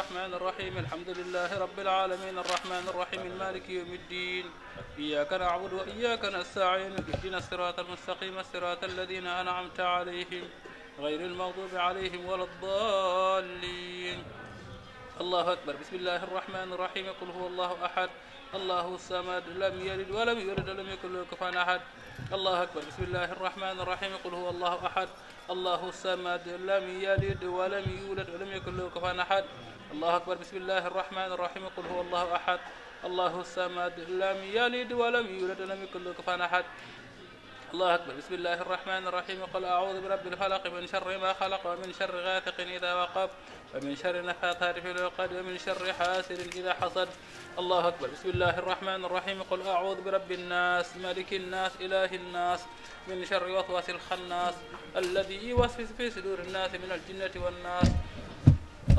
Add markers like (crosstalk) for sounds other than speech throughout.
الرحمن الرحيم الحمد لله رب العالمين الرحمن الرحيم المالك يوم الدين إياك نعبد وإياك نستعين اهدنا الصراط المستقيم الصراط الذين أنعمت عليهم غير المغضوب عليهم ولا الضالين الله أكبر بسم الله الرحمن الرحيم قل هو الله أحد الله الصمد لم يلد ولم يولد ولم يكن له كفوا أحد الله أكبر بسم الله الرحمن الرحيم قل هو الله أحد الله الصمد لم يلد ولم يولد ولم يكن له كفوا أحد الله أكبر بسم الله الرحمن الرحيم قل هو الله أحد الله الصمد لم يلد ولم يولد ولم يكن له كفوا أحد الله أكبر بسم الله الرحمن الرحيم قل أعوذ برب الفلق من شر ما خلق ومن شر غاثق إذا وقب ومن شر نفاثات في العقد ومن شر حاسد إذا حصد الله أكبر بسم الله الرحمن الرحيم قل أعوذ برب الناس ملك الناس إله الناس من شر وسواس الخناس الذي يوسوس في صدور الناس من الجنة والناس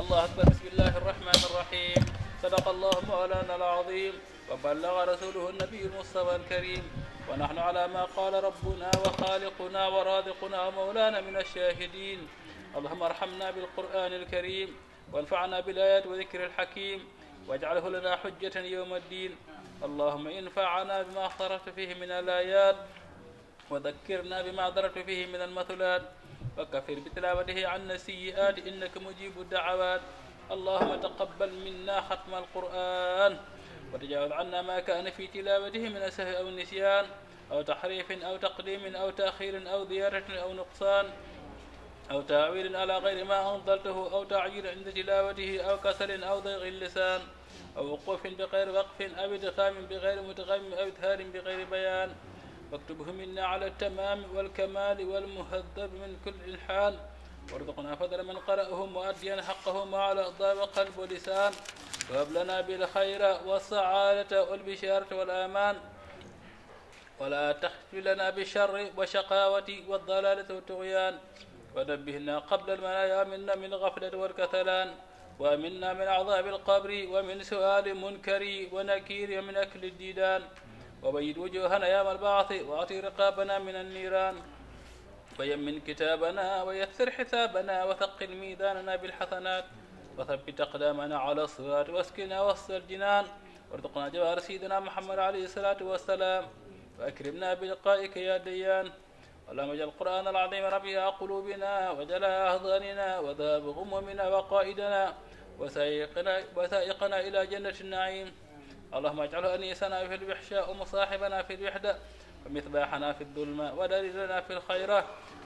الله أكبر بسم الله الرحمن الرحيم صدق الله مولانا العظيم وبلغ رسوله النبي المصطفى الكريم ونحن على ما قال ربنا وخالقنا ورازقنا ومولانا من الشاهدين اللهم ارحمنا بالقرآن الكريم وانفعنا بالآيات وذكر الحكيم واجعله لنا حجة يوم الدين اللهم انفعنا بما اخترت فيه من الآيات وذكرنا بما درت فيه من المثلات وكفر بتلاوته عنا السيئات إنك مجيب الدعوات اللهم تقبل منا ختم القرآن وتجاوز عنا ما كان في تلاوته من السهو أو النسيان أو تحريف أو تقديم أو تأخير أو زيادة أو نقصان أو تعويل على غير ما أنزلته أو تعجيل عند تلاوته أو كسل أو ضيق اللسان أو وقوف بغير وقف أو إدغام بغير متغم أو إدخال بغير بيان واكتبه منا على التمام والكمال والمهذب من كل الحال وارزقنا فضل من قرأهم وأدين حقهم على أضاب قلب ولسان وهب لنا بالخير والسعادة والبشارة والأمان ولا تخف لنا بالشر والشقاوة والضلالة والطغيان ونبهنا قبل المنايا منا من غفلة والكثلان وأمنا من عذاب القبر ومن سؤال منكر ونكير ومن أكل الديدان وبيد وجوهنا يا الباعث وأعطي رقابنا من النيران ويمن كتابنا ويسر حسابنا وثقل ميداننا بالحسنات وثبت أقدامنا على الصراط واسكنا وسط الجنان وارزقنا جوار سيدنا محمد عليه الصلاة والسلام وأكرمنا بلقائك يا ديان اللهم اجعل القرآن العظيم ربيع قلوبنا وجلاء أحضاننا وذهاب غمومنا وقائدنا وسائقنا, وسائقنا إلى جنة النعيم اللهم اجعله أنيسنا في الوحشاء ومصاحبنا في الوحدة ومثباحنا في الظلمة ودليلنا في الخيرات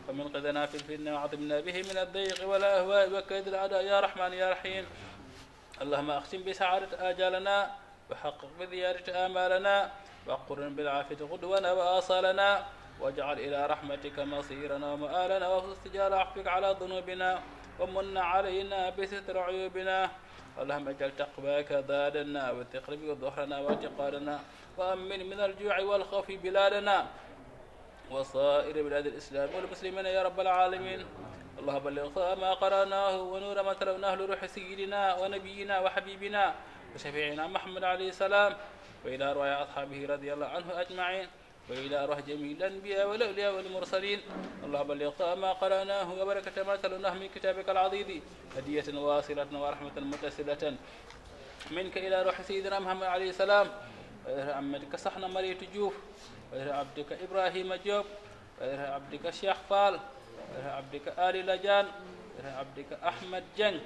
ومنقذنا في الفتنة وعظمنا به من الضيق والأهواء وكيد الأعداء يا رحمن يا رحيم اللهم أقسم بسعادة آجالنا وحقق بزيادة آمالنا وقرن بالعافية غدونا وآصالنا واجعل إلى رحمتك مصيرنا ومآلنا واغفر عفوك على ذنوبنا ومن علينا بستر عيوبنا اللهم اجعل تقواك دارنا وتقربك ظهرنا واعتقادنا وأمن من الجوع والخوف بلادنا وصائر بلاد الإسلام والمسلمين يا رب العالمين اللهم بلغ ما قرأناه ونور ما تلوناه لروح سيدنا ونبينا وحبيبنا وشفيعنا محمد عليه السلام وإلى رواية أصحابه رضي الله عنه أجمعين وإلى أرواح جميع الأنبياء والأولياء والمرسلين اللهم بلغ ما قرأناه وبركة ما تلوناه من كتابك العظيم هدية واصلة ورحمة متصلة منك إلى روح سيدنا محمد عليه السلام وإلى عمتك صحنا مريت وإلى عبدك إبراهيم جوب عبدك الشيخ فال وإلى عبدك آل لجان وإلى عبدك أحمد جن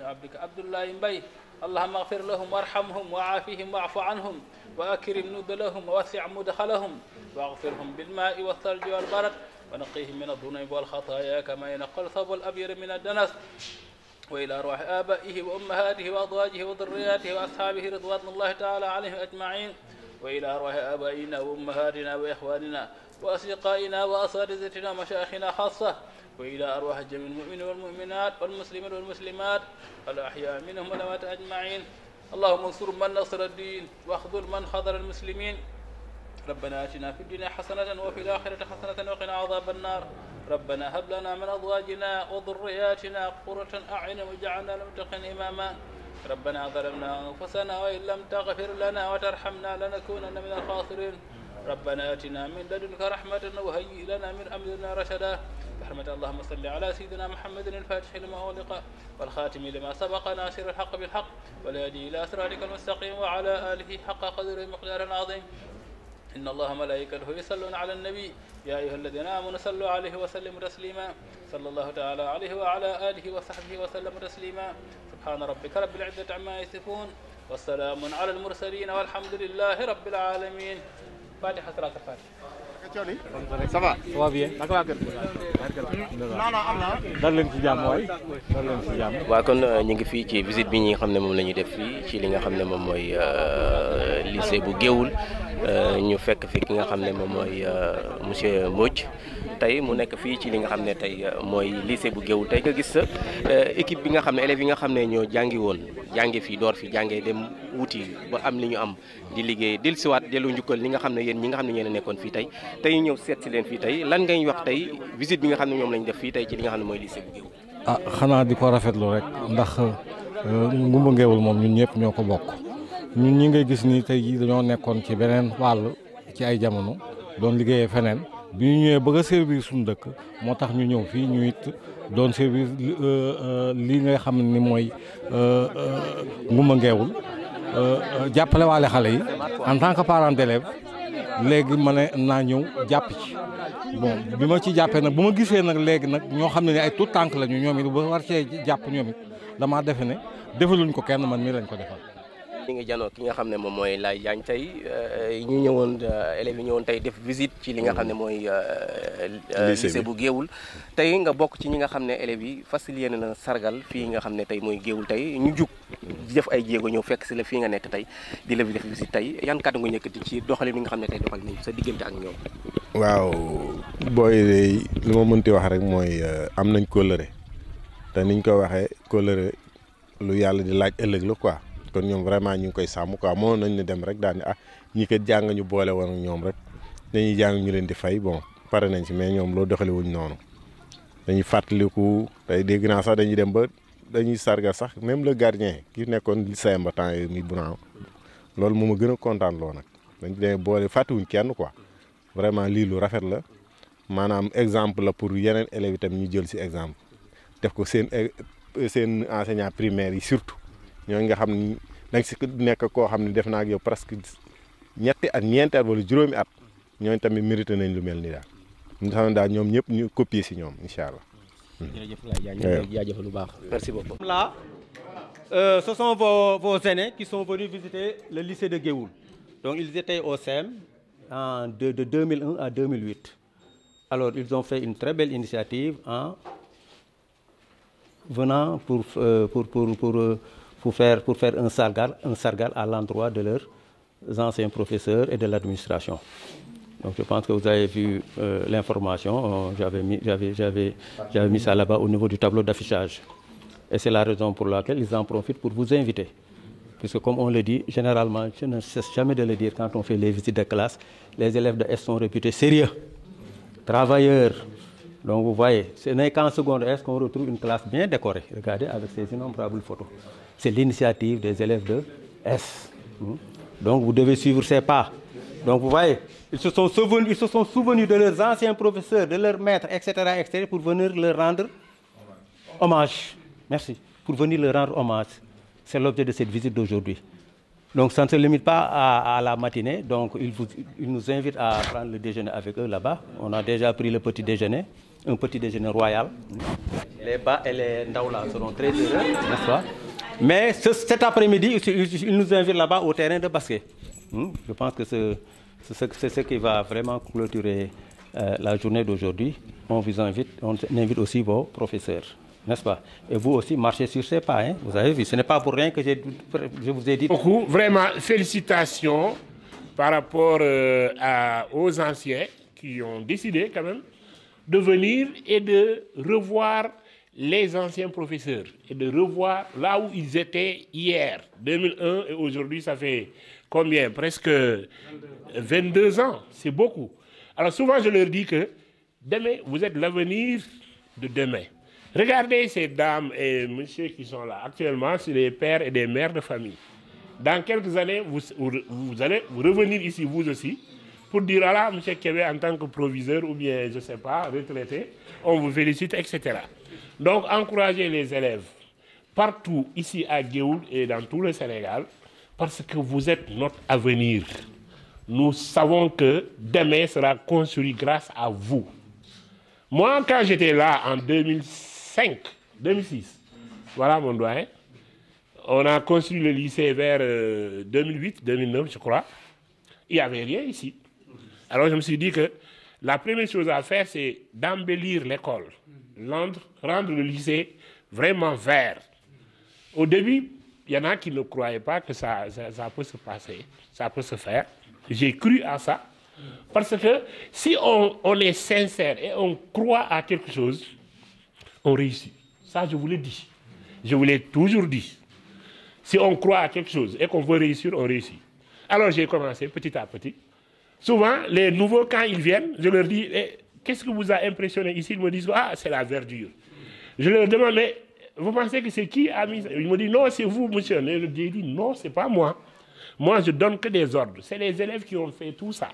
عبدك عبد الله بي اللهم اغفر لهم وارحمهم وعافهم واعف عنهم وأكرم نزلهم ووسع مدخلهم واغفرهم بالماء والثلج والبرد ونقيهم من الذنوب والخطايا كما ينقى الثوب الأبيض من الدنس وإلى أرواح آبائه وأمهاته وأزواجه وذرياته وأصحابه رضوان الله تعالى عليهم أجمعين وإلى أرواح آبائنا وأمهاتنا وإخواننا وأصدقائنا وأساتذتنا ومشايخنا خاصة وإلى أرواح جميع المؤمنين والمؤمنات والمسلمين والمسلمات الأحياء منهم والأموات أجمعين اللهم انصر من نصر الدين واخذل من خذل المسلمين ربنا اتنا في الدنيا حسنة وفي الآخرة حسنة وقنا عذاب النار ربنا هب لنا من أزواجنا وذرياتنا قرة أعين واجعلنا للمتقين إماما ربنا ظلمنا أنفسنا وإن لم تغفر لنا وترحمنا لنكونن من الخاسرين ربنا آتنا من لدنك رحمة وهيئ لنا من أمرنا رشدا محمد اللهم صل على سيدنا محمد الفاتح لما أغلق والخاتم لما سبق ناصر الحق بالحق والهادي إلى أسرارك المستقيم وعلى آله حق قدر مقدار عظيم إن الله ملائكته يصلون على النبي يا أيها الذين آمنوا صلوا عليه وسلموا تسليما صلى الله تعالى عليه وعلى آله وصحبه وسلم تسليما سبحان ربك رب العزة عما يصفون والسلام على المرسلين والحمد لله رب العالمين فاتحة صلاة الفاتحة ça va. ça va bien. dal ci jàmm waay dal leen ci kon euh, ñu ngi fii ci visite bi ñi nga xam ne moom la ñuy def fii ci li nga xam ne moom mooy euh, lycée bu Géoul euh, ñu fekk fi ki nga xam ne moom mooy monsieur Mbodj. tey mu nekk fii ci li nga xam ne tey euh, mooy lycée bu Géoul tey nga gis sa euh, équipe bi nga xam ne élèves yi nga xam ne ñoo jàngi woon jànge fii door fi jàngee dem wuti ba am li ñu am di liggéey siwaat dellu njukkal li nga xam ne yéen ñi nga xam ne yéen nekkoon fii tey tey ñëw seet si leen fii tey nga ngay wax tey visite bi nga xam ne ñoom lañu def fii tey ci li nga xam ne mooy lycée bu Géoul ah xanaa di ko rafetlu rek ndax euh, ngumba Géoul moom ñun ñëpp ñoo ko bokk ñun ñi ngay gis ni tey jii dañoo nekkoon ci beneen wàll ci ay jamono doon feneen bi ñu ñëwee ba a servir suñu dëkk moo tax ñu ñëw fii ñu it doon servir euh, euh, lii ngay xam ni mooy euh, nguma ngeewul jàppale waale xale yi en tant que parent d'élève léegi ma ne naa ñëw jàpp ci bi ma ci jàppee nag bu ma gisee nag léegi nag ñoo xam ne ay tout tànk lañu ñoom it ba war cee jàpp ñoom it damaa defe ne defaluñ ko kenn man mii lañ ko defal ñu ngi janoo ki nga xam ne moom mooy Laye Diagne tey euh, ñu ñëwoon euh, élèves yi ñëwoon tey def visite ci li nga xam ne mooy euh, lycée bu Géoul tey nga bokk ci ñi nga xam ne élèves yi facilité na la sargal fii nga xam ne tey mooy Géoul tey ñu jug def ay jéego ñëw fekk si la fii nga nekk tey di la fi def visite tey yan kàddu nga yëkkati ci doxalin li nga xam ne tey doxalin ni sa diggante ak ñoom waaw booy day li ma mënti wax rek mooy am nañ kóllëre te niñ ko waxee kóllëre lu yàlla di laaj ëllëg la quoi kon ñoom vraiment ñu ngi koy sàmm ko moo nañ ne dem rek daan ni ah ñi ko jàng ñu boole woon ñoom rek dañuy jàng ñu leen di fay bon pare nañ ci mais ñoom loolu doxale wuñ noonu dañuy fàttaliku tey dégg sax dañuy dem ba dañuy sarga sax même le gardien ki nekkoon lycéen ba yi yii muy Bunaw loolu moom ma gën a kontaan loo nag dañ demee boole fàttiwuñ kenn ko vraiment lii lu rafet la maanaam exemple la pour yeneen élèves itam ñu jël si exemple def ko seen eh, seen enseignant primaire yi surtout. ñooñu nga xam ni da nga si nekk koo xam ne def naa ak yow presque ñetti at ñeenti at wala juróomi at ñooñu tamit mérité nañ lu mel ni daal ñu xam ne daal ñoom ñëpp ñu copier si ñoom incha allah. jërëjëf laay jaajëf lu baax merci beaucoup. là euh, ce sont vos vos aînés qui sont venus visiter le lycée de Guéoul donc ils étaient au CEM en de de 2001 à 2008 alors ils ont fait une très belle initiative en venant pour euh, pour pour pour. pour euh, pour faire, pour faire un, sargal, un à l'endroit de leurs anciens professeurs et de l'administration. Donc je pense que vous avez vu euh, l'information, euh, j'avais mis, mis, ça là-bas au niveau du tableau d'affichage. Et c'est la raison pour laquelle ils en profitent pour vous inviter. Puisque comme on le dit, généralement, je ne cesse jamais de le dire quand on fait les visites de classe, les élèves de S sont réputés sérieux, travailleurs. Donc vous voyez, ce n'est qu'en seconde S qu'on retrouve une classe bien décorée. Regardez avec ces innombrables photos c'est l'initiative des élèves de S. Hmm. Donc vous devez suivre ses pas. Donc vous voyez, ils se sont souvenus, se sont souvenus de leurs anciens professeurs, de leurs maîtres, etc., pour venir leur rendre hommage. Merci. Pour venir leur rendre hommage. C'est l'objet de cette visite d'aujourd'hui. Donc ça ne se limite pas à, la matinée. Donc ils, nous invitent à prendre le déjeuner avec eux là-bas. On a déjà pris le petit déjeuner, un petit déjeuner royal. Hmm. Les bas et les ndaoula seront très heureux, mais cet après-midi, il nous invite là-bas au terrain de basket. Hmm? Je pense que c'est ce qui va vraiment clôturer euh, la journée d'aujourd'hui. On vous invite, on invite aussi vos professeurs. N'est-ce pas Et vous aussi, marchez sur ces pas. Hein? Vous avez vu, ce n'est pas pour rien que je vous ai dit. Beaucoup, vraiment, félicitations par rapport euh, aux anciens qui ont décidé quand même de venir et de revoir les anciens professeurs et de revoir là où ils étaient hier, 2001, et aujourd'hui, ça fait combien Presque 22 ans. C'est beaucoup. Alors souvent, je leur dis que demain, vous êtes l'avenir de demain. Regardez ces dames et messieurs qui sont là. Actuellement, c'est des pères et des mères de famille. Dans quelques années, vous, allez vous revenir ici, vous aussi, pour dire, à ah là, monsieur Kébé en tant que proviseur ou bien, je ne sais pas, retraité, on vous félicite, etc. Donc, encourager les élèves partout ici à Géoul et dans tout le Sénégal, parce que vous êtes notre avenir. Nous savons que demain sera construit grâce à vous. Moi, quand j'étais là en 2005, 2006, voilà mon doigt, on a construit le lycée vers 2008, euh, 2009, je crois. Il n'y avait rien ici. Alors je me suis dit que la première chose à faire, c'est d'embellir l'école rendre, rendre le lycée vraiment vert. Au début, il y en a qui ne croyaient pas que ça, ça, peut se passer, ça peut se faire. J'ai cru à ça. Parce que si on, est sincère et on croit à quelque chose, on réussit. Ça, je vous l'ai dit. Je vous l'ai toujours dit. Si on croit à quelque chose et qu'on veut réussir, on réussit. Alors j'ai commencé petit à petit. Souvent, les nouveaux, quand ils viennent, je leur dis, eh, qu'est-ce que vous a impressionné ici Ils me disent, ah, c'est la verdure. Je leur demande, mais vous pensez que c'est qui a mis Ils me disent, non, c'est vous, monsieur. Je lui dis, non, c'est pas moi. Moi, je donne que des ordres. C'est les élèves qui ont fait tout ça.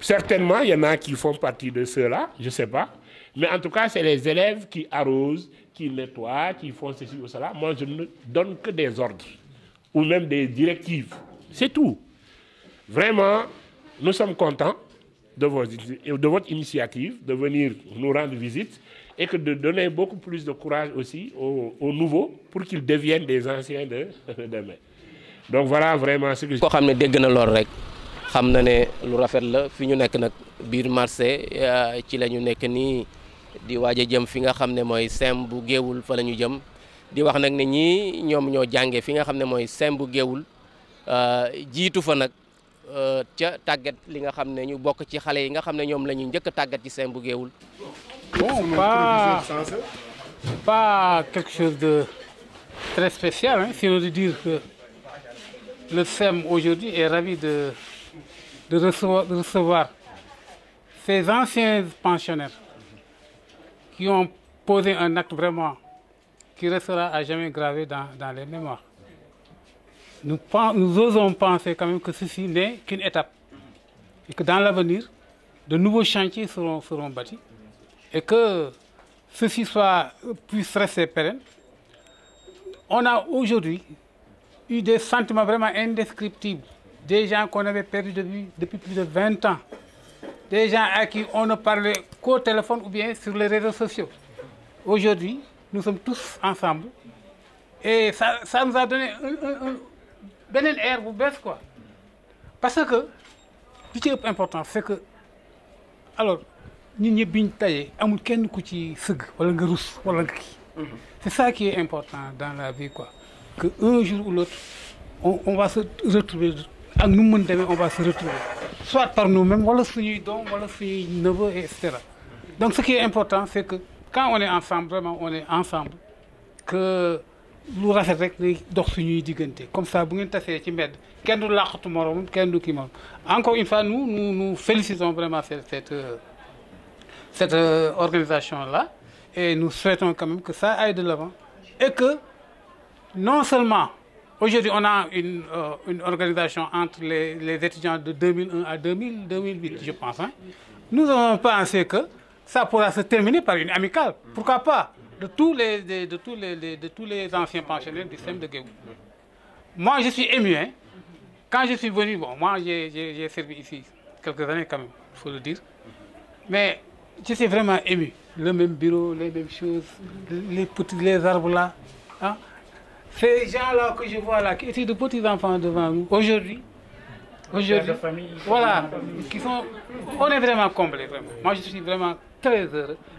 Certainement, il y en a qui font partie de ceux-là, je ne sais pas. Mais en tout cas, c'est les élèves qui arrosent, qui nettoient, qui font ceci ou cela. Moi, je ne donne que des ordres ou même des directives. C'est tout. Vraiment, nous sommes contents de, vos, de votre initiative, de venir nous rendre visite et que de donner beaucoup plus de courage aussi aux, aux nouveaux pour qu'ils deviennent des anciens de (laughs) demain. Donc voilà vraiment ce que je... xam ne dégg na lool rek xam na ne lu rafet la fi ñu nekk nag biir marché euh, ci la ñu nekk nii di waaj a jëm fi nga xam ne mooy sem bu géewul fa la jëm di wax nak ni ñii ñoom ñoo jàngee fi nga xam ne mooy sem bu géewul euh, jiitu fa nag pas quelque chose de très spécial hein. si on veut dire que le SEM aujourd'hui est ravi de recevoir, ces anciens pensionnaires qui ont posé un acte vraiment qui restera à jamais gravé dans les mémoires nous, osons penser quand même que ceci n'est qu'une étape et que dans l'avenir, de nouveaux chantiers seront, seront bâtis et que ceci soit, puisse rester pérenne. On a aujourd'hui eu des sentiments vraiment indescriptibles, des gens qu'on avait perdus de vue depuis plus de 20 ans, des gens à qui on ne parlait qu'au téléphone ou bien sur les réseaux sociaux. Aujourd'hui, nous sommes tous ensemble et ça, nous a donné un un air vous baisse quoi parce que ce qui est important c'est que alors nous ñëpp biñ tayee amul kenn ku mhm. c'est ça qui est important dans la vie quoi que un jour ou l'autre on, va se retrouver ak nous-mêmes, on va se retrouver soit par nous-mêmes wala suñuy voilà wala suñuy neveu et cetera donc ce qui est important c'est que quand on est ensemble vraiment on est ensemble que nous avons rek des dox comme ça bu ngeen ci mbedd kenn du encore une fois nous nous félicitons vraiment cette cette euh, euh, organisation là et nous souhaitons quand même que ça aille de l'avant et que non seulement aujourd'hui on a une euh, organisation entre les étudiants de 2001 à 2000 2008 je pense hein. nous avons pensé que ça pourra se terminer par une amicale pourquoi pas de tous les, de, tous les, de, tous les anciens pensionnaires du SEM de Guéou. Moi, je suis ému. Hein. Quand je suis venu, bon, moi, j'ai servi ici quelques années quand même, il faut le dire. Mais je suis vraiment ému. Le même bureau, les mêmes choses, les, petits, les arbres là. Hein. Ces gens-là que je vois là, qui étaient de petits enfants devant nous, aujourd'hui, aujourd'hui, voilà, qui sont, on est vraiment comblés, vraiment. Moi, je suis vraiment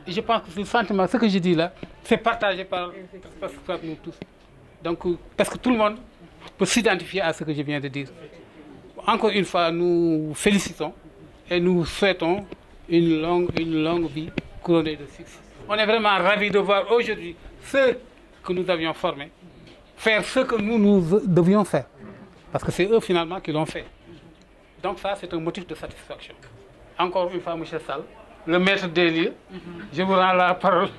je pense que ce sentiment, ce que je dis là, c'est partagé par, nous tous. Donc, euh, parce que tout le monde peut s'identifier à ce que je viens de dire. Encore une fois, nous félicitons et nous souhaitons une longue, une longue vie couronnée de succès. On est vraiment ravis de voir aujourd'hui ceux que nous avions formés faire ce que nous, nous devions faire. Parce que c'est eux finalement qui l'ont fait. Donc ça, c'est un motif de satisfaction. Encore une fois, M. Sall, le maître des lieux. Je vous rends la parole.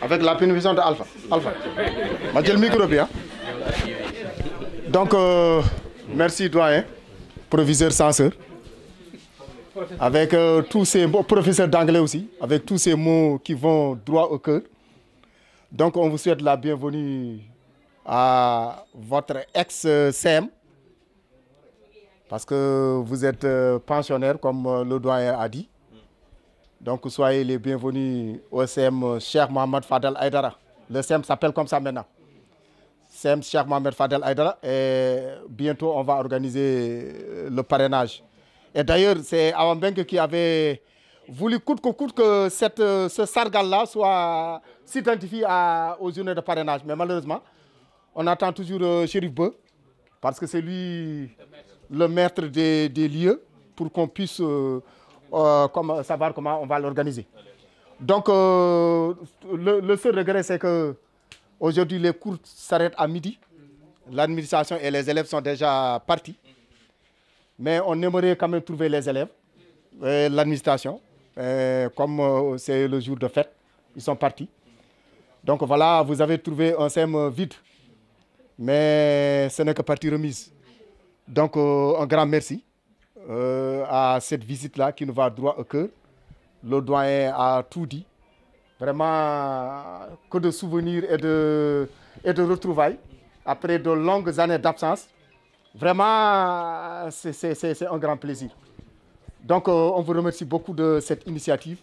Avec la pénuvision d'Alpha. Alpha. Alpha. le micro bien. Hein. Donc, euh, merci doyen, hein, proviseur censeur. Avec euh, tous ces mots, professeur d'anglais aussi, avec tous ces mots qui vont droit au cœur. Donc, on vous souhaite la bienvenue à votre ex-SEM, parce que vous êtes euh, pensionnaire, comme le doyen a dit. Donc soyez les bienvenus au CM Cher Mohamed Fadel Aïdara. Le CM s'appelle comme ça maintenant. CM Cher Mohamed Fadel Aïdara. Et bientôt, on va organiser euh, le parrainage. Et d'ailleurs, c'est Awambeng qui avait voulu coûte que coûte que cette, euh, ce sargal-là s'identifie aux journées de parrainage. Mais malheureusement, on attend toujours euh, Chérif Beu, parce que c'est lui le maître des, lieux, pour qu'on puisse... Euh, euh, euh, savoir comment on va l'organiser. Donc, euh, le, seul regret, c'est que aujourd'hui les cours s'arrêtent à midi. L'administration et les élèves sont déjà partis. Mais on aimerait quand même trouver les élèves, l'administration. Comme c'est le jour de fête, ils sont partis. Donc voilà, vous avez trouvé un SEM vide. Mais ce n'est que partie remise. Donc, un grand merci. Euh, à cette visite-là qui nous va droit au cœur. Le doyen a tout dit. Vraiment, que de souvenirs et de, et de retrouvailles après de longues années d'absence. Vraiment, c'est un grand plaisir. Donc, euh, on vous remercie beaucoup de cette initiative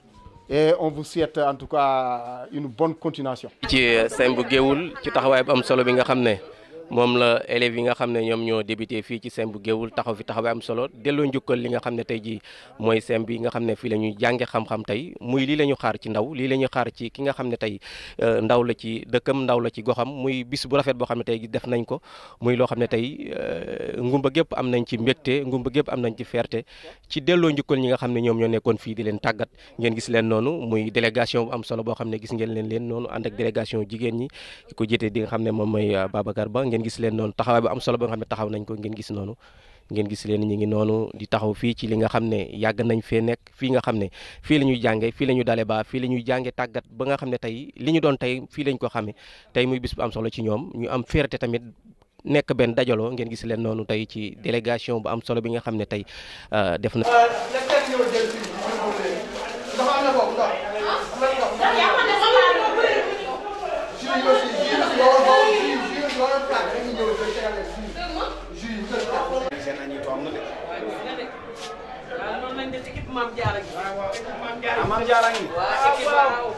et on vous souhaite en tout cas une bonne continuation. moom la élèves yi nga xam ne ñoom ñoo débuté fii ci sem bu géewul taxaw fi taxaw am solo delloo njukkal li nga xam ne tey jii mooy sem bi nga xam ne fii la ñuy jànge xam tey muy lii la ñu xaar ci ndaw lii la ñu xaar ci ki nga xam ne tey euh, ndaw la ci dëkkam ndaw la ci goxam muy bis bu rafet boo xam ne tey def nañ ko muy loo xam ne tey euh, ngumba gépp am nañ ci mbégte ngumba gépp am nañ ci fierté ci delloo njukkal ñi nga xam ne ñoom ñoo nekkoon fii di leen tàggat ngeen gis leen noonu muy délégation bu am solo boo xam ne gis ngeen leen leen noonu ànd ak jigéen ñi ko jiite di nga xam ne moom mooy euh, Babacar Ba ngeen gis leen noonu taxawaay bu am solo ba nga xam ne taxaw nañ ko ngeen gis noonu ngeen gis leen ñu ngi noonu di taxaw fii ci li nga xam ne yàgg nañ fee nekk fii nga xam ne fii la ñuy jànge fii la ñu dale ba fii la ñuy jànge tàggat ba nga xam ne tey li ñu doon tey fii lañ ko xamee tey muy bis bu am solo ci ñoom ñu am fierté tamit nekk benn dajaloo ngeen gis leen noonu tey ci délégation bu am solo bi nga xam ne tey def na équipe Mame Diarra gi. waaw Mame Diarra gi. Ah, waaw équipe ah, waaw.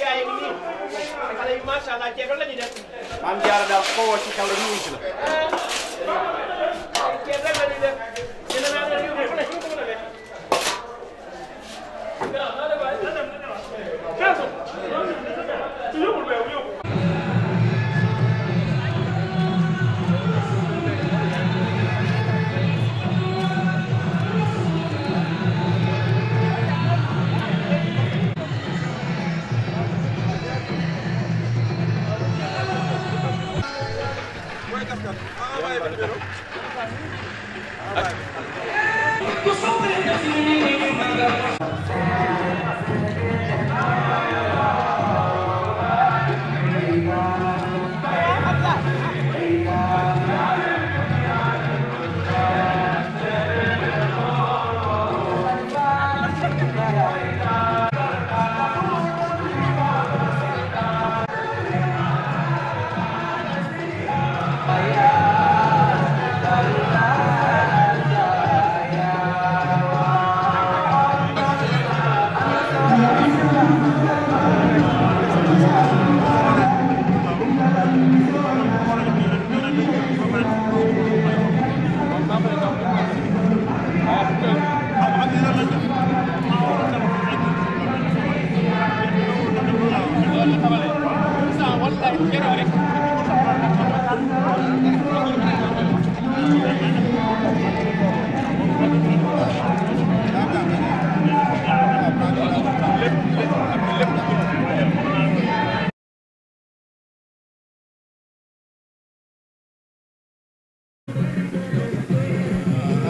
yaa ngi nii xale yi macha allah ceeb la ñuy def. Mame Diarra daal koo woo ci xel rek ñu ci la. Ah. ceeb rek la ñuy def.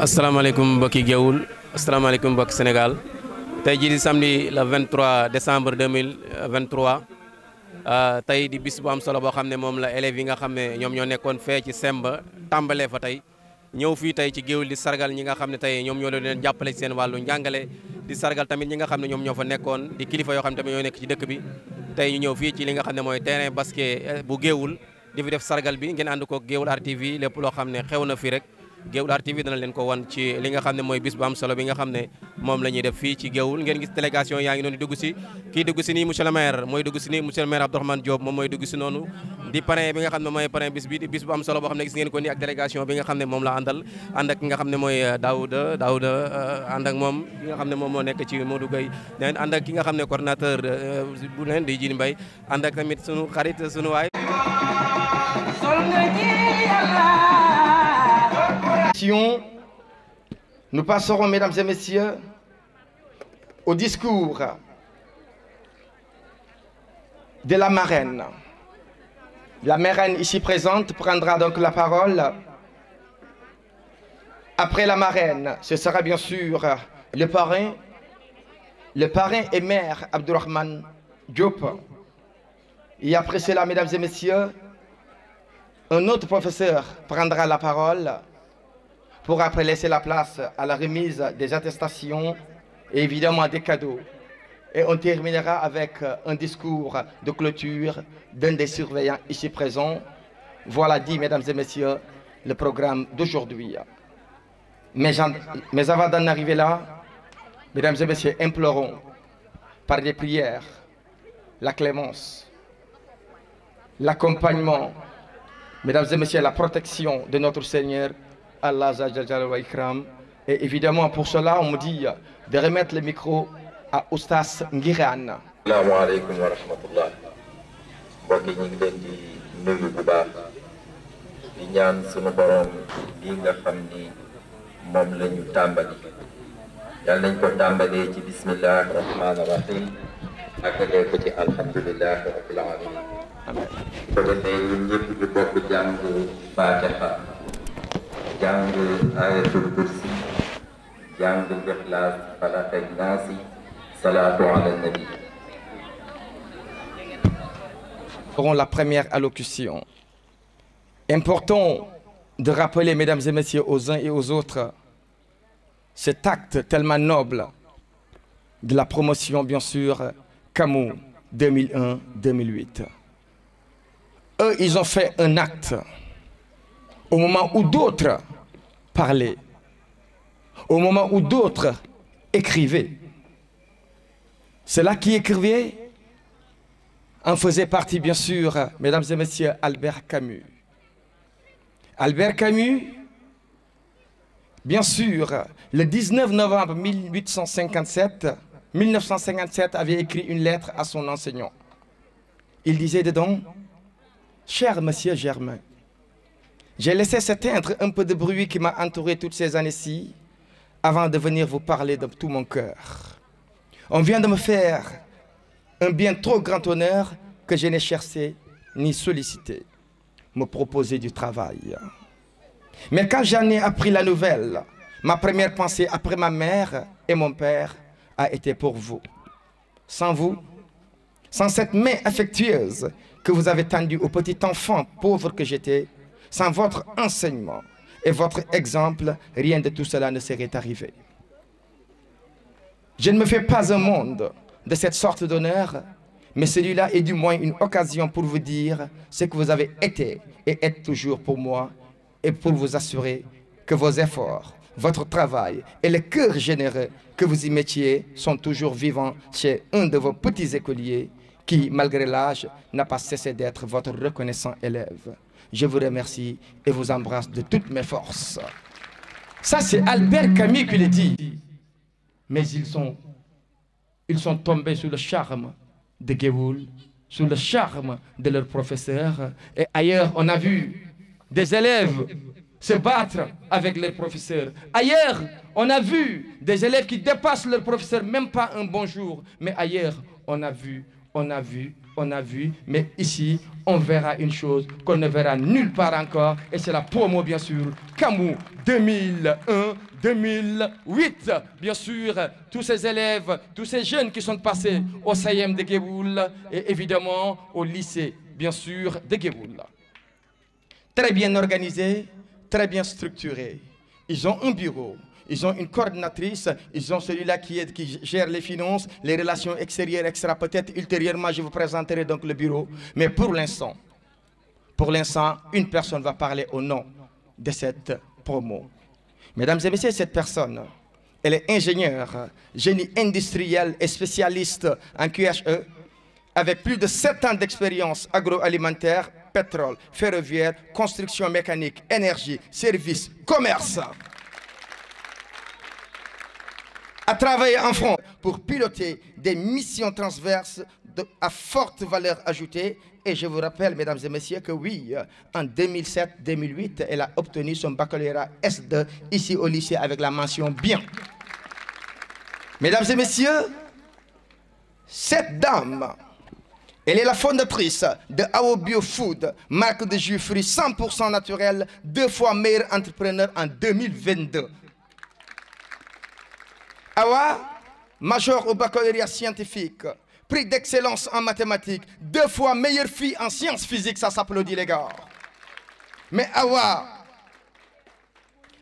asalaamaaleykum mbokki Géoul asalaamaaleykum mbokki Sénégal tey jii di samedi le 23 décembre 2023 euh, tey di bis bu am solo boo xam ne moom la élèves yi nga xam ne ñoom ñoo nekkoon fee ci Semba tàmbalee fa tey ñëw fii tey ci Géoul di sargal ñi nga xam ne tey ñoom ñoo leen jàppale ci seen wàllu njàngale di sargal tamit ñi nga xam ne ñoom ñoo fa nekkoon di kilifa yoo xam ne tamit ñoo nekk ci dëkk bi tey ñu ñëw fii ci li nga xam ne mooy terrain basket eh, bu Géoul di fi def sargal bi ngeen ànd ko Géoul Art TV lépp loo xam ne xew na fii rek Gueoulart TV dana leen ko wan ci li nga xam ne mooy bis am solo bi nga xam ne moom la ñuy def fii ci Gueoul ngeen gis délégation yaa ngi noonu dugg si kii dugg si nii monsieur le maire mooy dugg si nii monsieur le maire Abdourahmane Diop moom mooy dugg si noonu di parrain bi nga xam ne mooy parrain bis bi di bis bu am solo boo xam ne gis ngeen ko nii ak délégation bi nga xam ne moom la àndal ànd ki nga xam ne mooy euh, Daouda Daouda euh, ànd moom ki nga xam ne moom moo nekk ci Modou Gueye neen ànd ki nga xam ne coordinateur euh, bu neen di Jini Mbaye ànd ak tamit sunu xarit sunu waay nous passerons, mesdames et messieurs, au discours de la marraine. La marraine ici présente prendra donc la parole. Après la marraine, ce sera bien sûr le parrain, le parrain et maire Abdurrahman Diop. Et après cela, mesdames et messieurs, un autre professeur prendra la parole pour après laisser la place à la remise des attestations et évidemment des cadeaux. Et on terminera avec euh, un discours de clôture d'un des surveillants ici présents. Voilà dit, mesdames et messieurs, le programme d'aujourd'hui. Mais, avant d'en arriver là, mesdames et messieurs, implorons par des prières la clémence, l'accompagnement, mesdames et messieurs, la protection de notre Seigneur Allah wa Ikram. Et évidemment, pour cela, on me dit de remettre le micro à Oustas Ngiran. Assalamu alaikum wa rahmatullah. mbokk yi ñu ngi leen di nuyu bu baax di ñaan sunu borom bi nga xam ni moom la ñu tàmbali nañ ko tàmbalee ci bismillah rahmaani rahim akkalee ko ci alhamdulilah rabbil alamin ko defee ñun ñëpp di bokk jàng faatiha nabi Pour la première allocution. Important de rappeler, mesdames et messieurs, aux uns et aux autres, cet acte tellement noble de la promotion, bien sûr, Camus 2001-2008. Eux, ils ont fait un acte au moment où d'autres parlaient, au moment où d'autres écrivaient, Cela qui écrivait en faisait partie, bien sûr, mesdames et messieurs, Albert Camus. Albert Camus, bien sûr, le 19 novembre 1857, 1957 avait écrit une lettre à son enseignant. Il disait dedans, « Cher monsieur Germain, j'ai laissé s'éteindre un peu de bruit qui m'a entouré toutes ces années-ci avant de venir vous parler de tout mon cœur. On vient de me faire un bien trop grand honneur que je n'ai cherché ni sollicité, me proposer du travail. Mais quand j'en ai appris la nouvelle, ma première pensée après ma mère et mon père a été pour vous. Sans vous, sans cette main affectueuse que vous avez tendue au petit enfant pauvre que j'étais, sans votre enseignement et votre exemple, rien de tout cela ne serait arrivé. Je ne me fais pas un monde de cette sorte d'honneur, mais celui-là est du moins une occasion pour vous dire ce que vous avez été et êtes toujours pour moi et pour vous assurer que vos efforts, votre travail et le cœur généreux que vous y mettiez sont toujours vivants chez un de vos petits écoliers qui, malgré l'âge, n'a pas cessé d'être votre reconnaissant élève. Je vous remercie et vous embrasse de toutes mes forces. Ça, c'est Albert Camus qui le dit. Mais ils sont, ils sont tombés sous le charme de Géoul, sous le charme de leur professeur. Et ailleurs, on a vu des élèves se battre avec leurs professeurs. Ailleurs, on a vu des élèves qui dépassent leurs professeurs, même pas un bonjour. Mais ailleurs, on a vu, on a vu, on a vu, mais ici, on verra une chose qu'on ne verra nulle part encore, et c'est la promo, bien sûr, Camus 2001. 2008, bien sûr, tous ces élèves, tous ces jeunes qui sont passés au CIM de Géboul et évidemment au lycée, bien sûr, de Géboul. Très bien organisé, très bien structuré. Ils ont un bureau, ils ont une coordinatrice, ils ont celui-là qui, gère les finances, les relations extérieures, etc. Peut-être ultérieurement, je vous présenterai donc le bureau. Mais pour l'instant, pour l'instant, une personne va parler au nom de cette promo. Mesdames et messieurs, cette personne, elle est ingénieure, génie industriel et spécialiste en QHE, avec plus de 7 ans d'expérience agroalimentaire, pétrole, ferroviaire, construction mécanique, énergie, services, commerce à travailler en France pour piloter des missions transverses à forte valeur ajoutée. Et je vous rappelle, mesdames et messieurs, que oui, euh, en 2007-2008, elle a obtenu son baccalauréat S2 ici au lycée avec la mention bien. Mesdames et messieurs, cette dame, elle est la fondatrice de AO Food, marque de jus fruits 100% naturel, deux fois meilleur entrepreneur en 2022. Awa, major au baccalauréat scientifique, prix d'excellence en mathématiques, deux fois meilleure fille en sciences physiques, ça s'applaudit les gars. Mais Awa,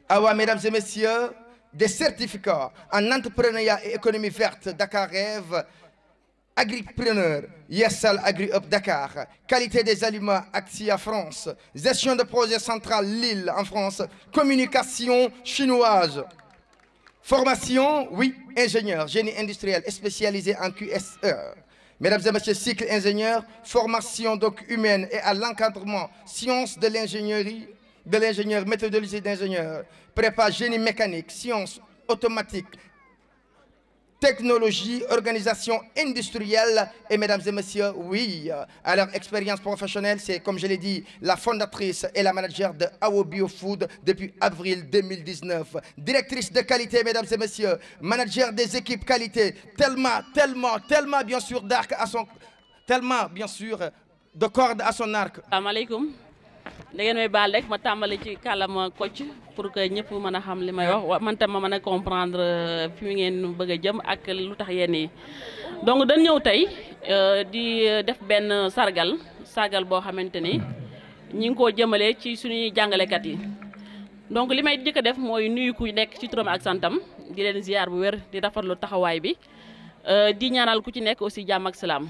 Awa, mesdames et messieurs, des certificats en entrepreneuriat et économie verte, Dakar Rêve, Agripreneur, Yesel Agri-Up Dakar, qualité des aliments Axia France, gestion de projet central Lille en France, communication chinoise. Formation, oui, ingénieur, génie industriel spécialisé en QSE. Mesdames et messieurs, cycle ingénieur, formation donc humaine et à l'encadrement, sciences de l'ingénierie, de l'ingénieur, méthodologie d'ingénieur, prépa génie mécanique, science automatique technologie, organisation industrielle et mesdames et messieurs, oui, à leur expérience professionnelle, c'est comme je l'ai dit, la fondatrice et la manager de Awo Biofood depuis avril 2019. Directrice de qualité, mesdames et messieurs, manager des équipes qualité, tellement, tellement, tellement bien sûr d'arc à son... Tellement, bien sûr, de corde à son arc. Salam da ngeen may baal rek ma tàmbali ci kàllaama Kocc pour que ñëpp mën a xam li may wax man tam ma mën a comprendre euh, fi ngeen bëgg a jëm ak lu tax yenn yi donc dañ ñëw tey euh, di euh, def benn sargal sargal boo xamante ni ñi ngi koo jëmalee ci suñuy jàngalekat yi. donc li may jëkk def mooy nuyu ku nekk ci turam ak santam di leen ziar bu wér di rafat lu taxawaay bi di ñaanal ku ci nekk aussi jàmm ak salaam.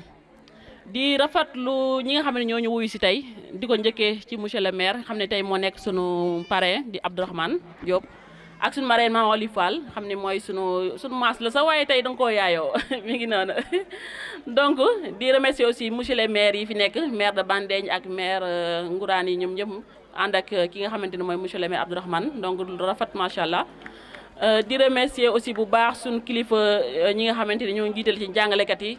di Rafat ñi nga xam ne ñoo ñu wuyu si tey di ko njëkkee ci monsieur le maire xam ne tey moo sunu parrain di Abdourahmane Diop ak sunu marraine Mame Oli Fall xam ne mooy sunu mas maas la sa waaye tey danga koo yaayoo (laughs) mi ngi (laughs) donc di remercier aussi monsieur le maire yi fi nekk maire de Bandeigne ak maire euh, Ngourane yi ñoom ñëpp ànd ak euh, ki nga xamante ne mooy monsieur le maire Abdourahmane donc rafet euh, di remercier aussi bu baax sunu kilifa ñi nga xamante ne ñoo jiital ci yi.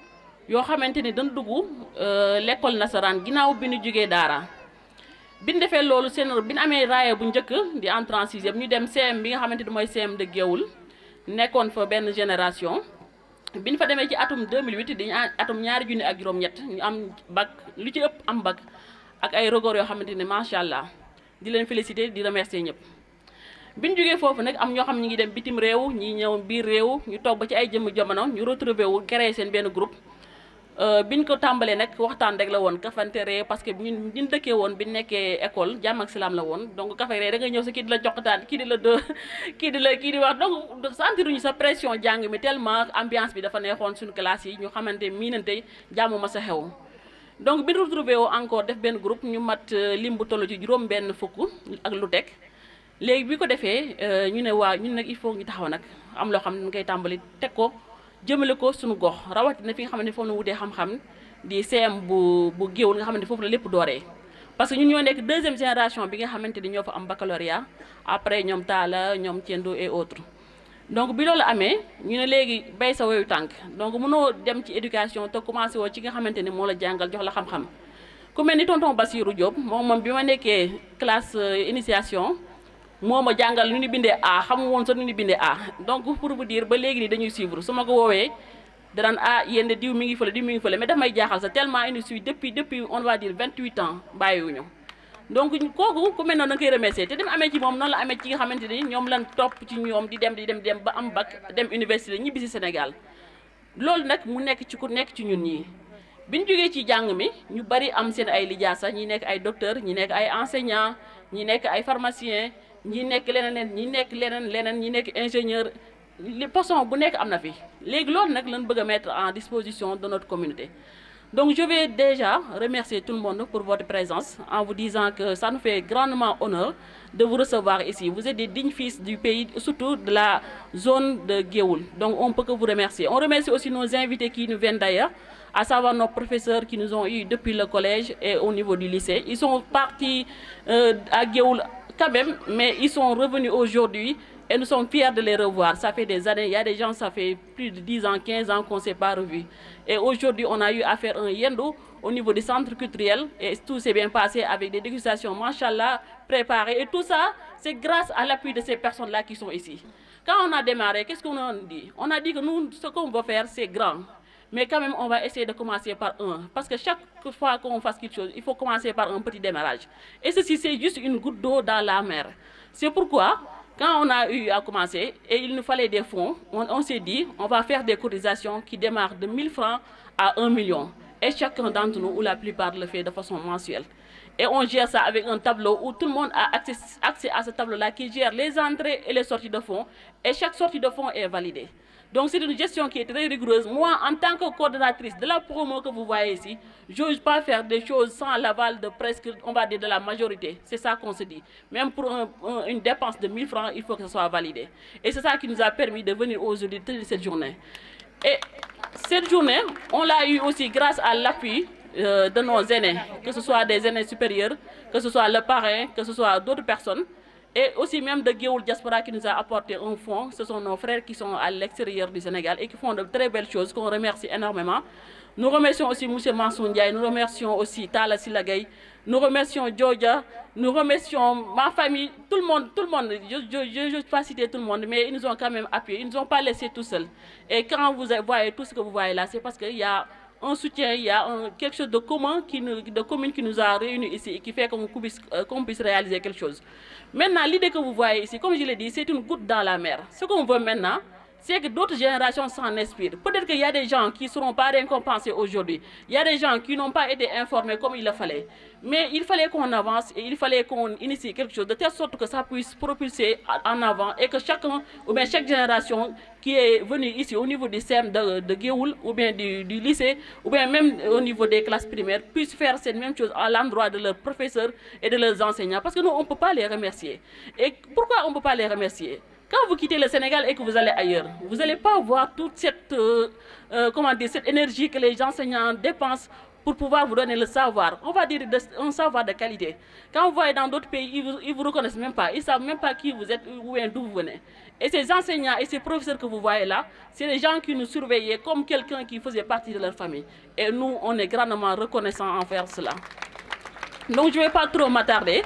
yoo xamante ni dañ dugg euh, l'école nasaraan ginnaaw bi ñu jógee daara bi ñu defee loolu seen bi ñu amee raaya bu njëkk di entrée en ñu dem CM bi nga xamante ni mooy CM de Géoul nekkoon fa benn génération bi ñu fa demee ci atum 2008 di atum ñaari junni ak juróom-ñett ñu am bag lu ci ëpp am bac ak ay record yoo xamante ni macha allah di leen féliciter di remercier ñëpp. bi ñu jógee foofu nag am ñoo xam ñu ngi dem bitim réew ñi ñëw biir réew ñu toog ba ci ay jëmm jamono ñu retrouver wu seen benn group bi euh, biñ ko tàmbalee nag waxtaan rek la woon kafante ree parce que ñun ñun dëkkee woon bi nekkee école jàmm ak salaam la woon donc kafe ree nga ñëw sa kii di la joxtaan kii di la dë (laughs) kii di la kii di wax donc sentiruñu sa pression jàng mi tellement ambiance bi dafa neexoon suñu classe yi ñu xamante miinante jàmm ma sa xew donc bi ñu retrouvé woo encore def benn group ñu mat euh, lim bu ci juróom benn fukk ak lu teg léegi bi ko defee euh, ñu ne waa ñun nag il faut ñu taxaw nag am loo xam ne ñu koy tàmbali teg ko jëmale ko suñu gox rawatina fi nga xam ne foofu na wutee xam-xam di CM bu bu géewul nga xam ne foofu la lépp dooree parce que ñun ñoo nekk deuxième génération bi nga xamante ni ñoo fa am bacaloria après ñoom Talla ñoom Tiendo et autres donc bi loolu amee ñu ne léegi bay sa woyu tànk donc mënoo dem ci éducation te commencé woo ci nga xamante ni moo la jàngal jox la xam-xam ku mel ni tonton Bassirou Diop moom moom bi ma nekkee classe euh, initiation moom ma jàngal nu ñu bindee A xamu woon sax nu ñu bindee A donc pour vous diir ba léegi nii dañuy suivre su ma ko woowee danaan ah yéen diw mi ngi fële diw mi ngi fële mais daf may jaaxal sax tellement une suite depuis depuis on va dire 28 ans bàyyiwuñu donc kooku ku mel noonu da nga koy remercier te dem amee ci moom noonu la amee ci nga xamante ni ñoom lan topp ci ñoom di dem di dem di dem ba am bac dem université ñibbi ci Sénégal loolu nag mu nekk ci ku nekk ci ñun ñii. bi ñu jógee ci jàng mi ñu bari am seen ay lijaasa ñi nekk ay docteur ñi nekk ay enseignant ñi nekk ay pharmacien ñi ñi ingénieur les bu mettre en disposition de notre communauté donc je vais déjà remercier tout le monde pour votre présence en vous disant que ça nous fait grandement honneur de vous recevoir ici vous êtes des dignes fils du pays surtout de la zone de Géoul. donc on peut que vous remercier on remercie aussi nos invités qui nous viennent d'ailleurs à savoir nos professeurs qui nous ont eu depuis le collège et au niveau du lycée ils sont partis euh, à Géoul même, mais ils sont revenus aujourd'hui et nous sommes fiers de les revoir. Ça fait des années, il y a des gens, ça fait plus de 10 ans, 15 ans qu'on ne s'est pas revus. Et aujourd'hui, on a eu à faire un yendo au niveau du centre culturel et tout s'est bien passé avec des dégustations, machallah, préparées. Et tout ça, c'est grâce à l'appui de ces personnes-là qui sont ici. Quand on a démarré, qu'est-ce qu'on a dit On a dit que nous, ce qu'on veut faire, c'est grand. Mais quand même, on va essayer de commencer par un. Parce que chaque fois qu'on fasse quelque chose, il faut commencer par un petit démarrage. Et ceci, c'est juste une goutte d'eau dans la mer. C'est pourquoi, quand on a eu à commencer et il nous fallait des fonds, on, s'est dit, on va faire des cotisations qui démarrent de 1000 francs à 1 million. Et chacun d'entre nous, ou la plupart, le fait de façon mensuelle. Et on gère ça avec un tableau où tout le monde a accès, accès à ce tableau-là qui gère les entrées et les sorties de fonds. Et chaque sortie de fonds est validée. Donc c'est une gestion qui est très rigoureuse. Moi, en tant que coordonnatrice de la promo que vous voyez ici, je n'ose pas faire des choses sans l'aval de presque, on va dire, de la majorité. C'est ça qu'on se dit. Même pour une dépense de 1000 francs, il faut que ce soit validé. Et c'est ça qui nous a permis de venir aujourd'hui de cette journée. Et cette journée, on l'a eu aussi grâce à l'appui euh, de nos aînés, que ce soit des aînés supérieurs, que ce soit le parrain, que ce soit d'autres personnes et aussi même de Géoul Diaspora qui nous a apporté un fonds. Ce sont nos frères qui sont à l'extérieur du Sénégal et qui font de très belles choses, qu'on remercie énormément. Nous remercions aussi M. Mansour Ndiaye, nous remercions aussi Tala Silagay, nous remercions Georgia, nous remercions ma famille, tout le monde, tout le monde. Je ne vais pas citer tout le monde, mais ils nous ont quand même appuyés, ils ne nous ont pas laissés tout seuls. Et quand vous voyez tout ce que vous voyez là, c'est parce qu'il y a un soutien, il y a quelque chose de commun, qui nous, de commune qui nous a réunis ici et qui fait euh, qu'on puisse, réaliser quelque chose. Maintenant, l'idée que vous voyez ici, comme je l'ai dit, c'est une goutte dans la mer. Ce qu'on veut maintenant, c'est que d'autres générations s'en inspirent. Peut-être qu'il y a des gens qui ne seront pas récompensés aujourd'hui. Il y a des gens qui n'ont pas été informés comme il le fallait. Mais il fallait qu'on avance et il fallait qu'on initie quelque chose de telle sorte que ça puisse propulser en avant et que chacun, ou bien chaque génération qui est venue ici au niveau du CEM de, de ou bien du, du, lycée, ou bien même au niveau des classes primaires, puisse faire cette même chose à l'endroit de leurs professeurs et de leurs enseignants. Parce que nous, on ne peut pas les remercier. Et pourquoi on ne peut pas les remercier quand vous quittez le Sénégal et que vous allez ailleurs, vous n'allez pas avoir toute cette, euh, euh, comment dire, cette énergie que les enseignants dépensent pour pouvoir vous donner le savoir. On va dire un savoir de qualité. Quand vous voyez dans d'autres pays, ils ne vous, reconnaissent même pas. Ils ne savent même pas qui vous êtes, ou d'où vous venez. Et ces enseignants et ces professeurs que vous voyez là, c'est les gens qui nous surveillaient comme quelqu'un qui faisait partie de leur famille. Et nous, on est grandement reconnaissants envers cela. Donc je ne vais pas trop m'attarder.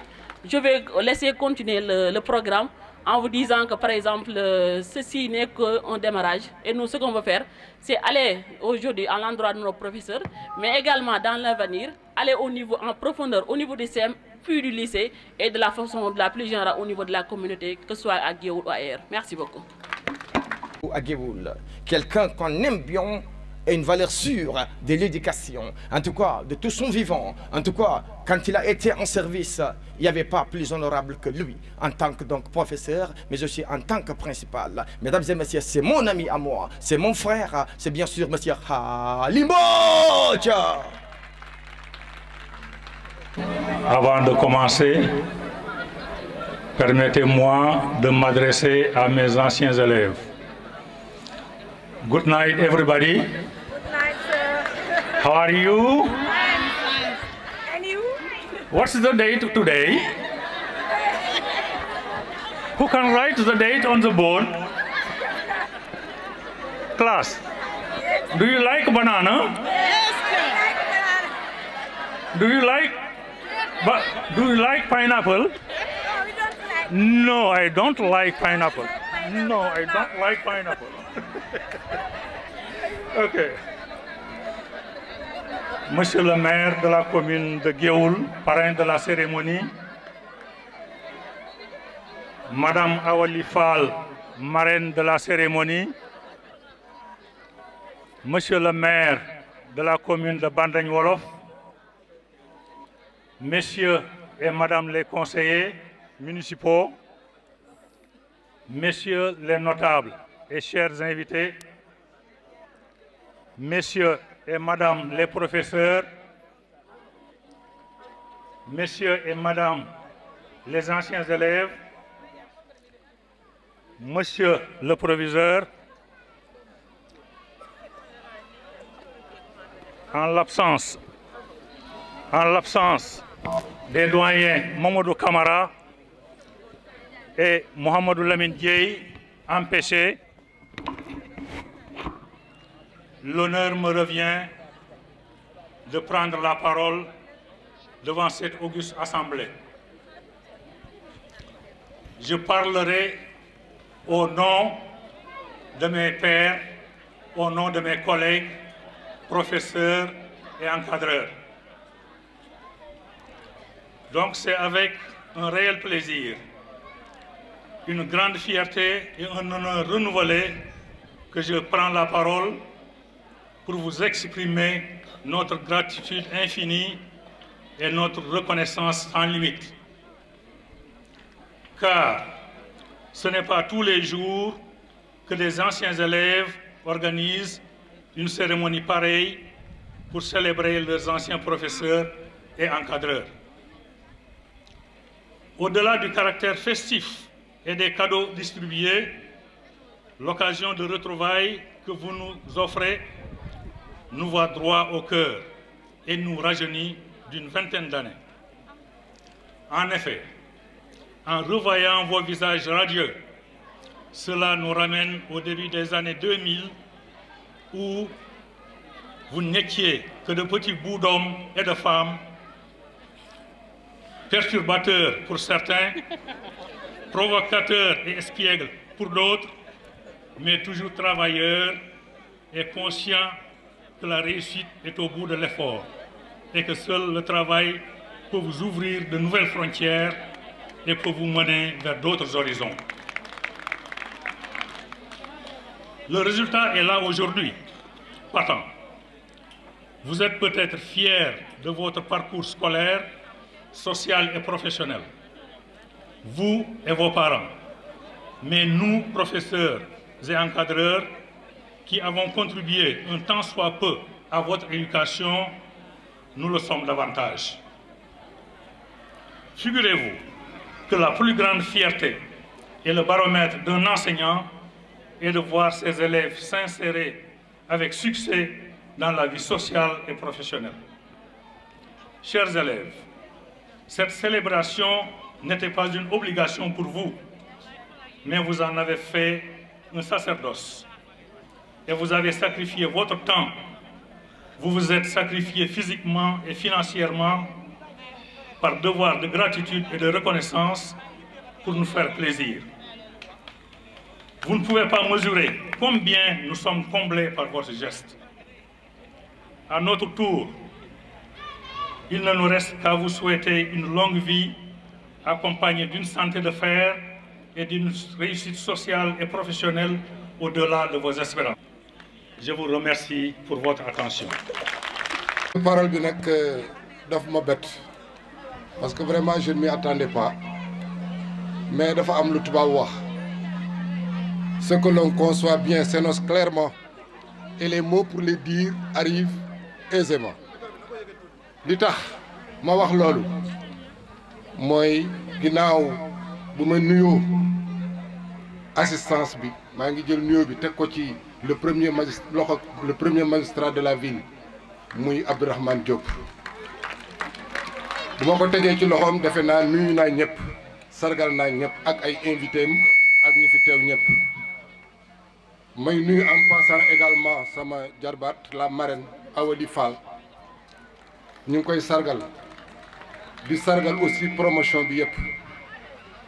Je vais laisser continuer le programme en vous disant que, par exemple, euh, ceci n'est qu'un démarrage. Et nous, ce qu'on veut faire, c'est aller aujourd'hui à l'endroit de nos professeurs, mais également dans l'avenir, aller au niveau, en profondeur, au niveau des CM, puis du lycée, et de la façon de la plus générale au niveau de la communauté, que ce soit à Guéoul ou ailleurs. Merci beaucoup. Quelqu'un qu'on aime bien et une valeur sûre de l'éducation, en tout cas de tout son vivant. En tout cas, quand il a été en service, il n'y avait pas plus honorable que lui, en tant que donc professeur, mais aussi en tant que principal. Mesdames et messieurs, c'est mon ami à moi, c'est mon frère, c'est bien sûr monsieur Halimouch. Avant de commencer, permettez-moi de m'adresser à mes anciens élèves. Good night, everybody. are you? And you? What's the date today? Who can write the date on the board? Class, do you like banana? Yes, Do you like, but do you like pineapple? No, I don't like pineapple. No, I don't like pineapple. okay. Monsieur le maire de la commune de Géoul, parrain de la cérémonie, Madame Awali Fall, marraine de la cérémonie, Monsieur le maire de la commune de Bandagne Wolof, Messieurs et Madame les conseillers municipaux, Messieurs les notables et chers invités, Messieurs et Madame les professeurs, Messieurs et Madame les anciens élèves, Monsieur le proviseur, en l'absence, en l'absence des doyens Mamadou Kamara et Mohamedou Lamine empêchés l'honneur me revient de prendre la parole devant cette auguste assemblée. Je parlerai au nom de mes pères, au nom de mes collègues, professeurs et encadreurs. Donc c'est avec un réel plaisir, une grande fierté et un honneur renouvelé que je prends la parole pour vous exprimer notre gratitude infinie et notre reconnaissance en limite. Car ce n'est pas tous les jours que des anciens élèves organisent une cérémonie pareille pour célébrer leurs anciens professeurs et encadreurs. Au-delà du caractère festif et des cadeaux distribués, l'occasion de retrouvailles que vous nous offrez nous voit droit au cœur et nous rajeunit d'une vingtaine d'années. En effet, en revoyant vos visages radieux, cela nous ramène au début des années 2000 où vous n'étiez que de petits bouts d'hommes et de femmes, perturbateurs pour certains, (laughs) provocateurs et espiègles pour d'autres, mais toujours travailleurs et conscients la réussite est au bout de l'effort et que seul le travail peut vous ouvrir de nouvelles frontières et peut vous mener vers d'autres horizons. Le résultat est là aujourd'hui, Partant, Vous êtes peut-être fiers de votre parcours scolaire, social et professionnel, vous et vos parents. Mais nous, professeurs et encadreurs, qui avons contribué un tant soit peu à votre éducation, nous le sommes davantage. Figurez-vous que la plus grande fierté et le baromètre d'un enseignant est de voir ses élèves s'insérer avec succès dans la vie sociale et professionnelle. Chers élèves, cette célébration n'était pas une obligation pour vous, mais vous en avez fait un sacerdoce et vous avez sacrifié votre temps. Vous vous êtes sacrifié physiquement et financièrement par devoir de gratitude et de reconnaissance pour nous faire plaisir. Vous ne pouvez pas mesurer combien nous sommes comblés par votre geste. À notre tour, il ne nous reste qu'à vous souhaiter une longue vie accompagnée d'une santé de fer et d'une réussite sociale et professionnelle au-delà de vos espérances je vous remercie pour votre attention. parole de nag euh, daf ma bête. parce que vraiment je ne m'y attendais pas mais dafa am lu tubaab wax ce que l'on conçoit bien s'énonce clairement et les mots pour les dire arrivent aisément Dita, je ma wax moi, mooy ginnaaw bu ma assistance bi maa ngi jël nuyoo bi le premier magistrat le premier magistrat de la ville Mouy Abdourahmane Diop bu ma ko tegee ci loxoom defe naa nuyu naa ñëpp sargal naa ñëpp ak ay invités ak ñi fi teew ñëpp may nuyu en passant également sama Jarbat, la marraine Awadi Fall ñu ngi koy sargal di sargal aussi promotion bi yëpp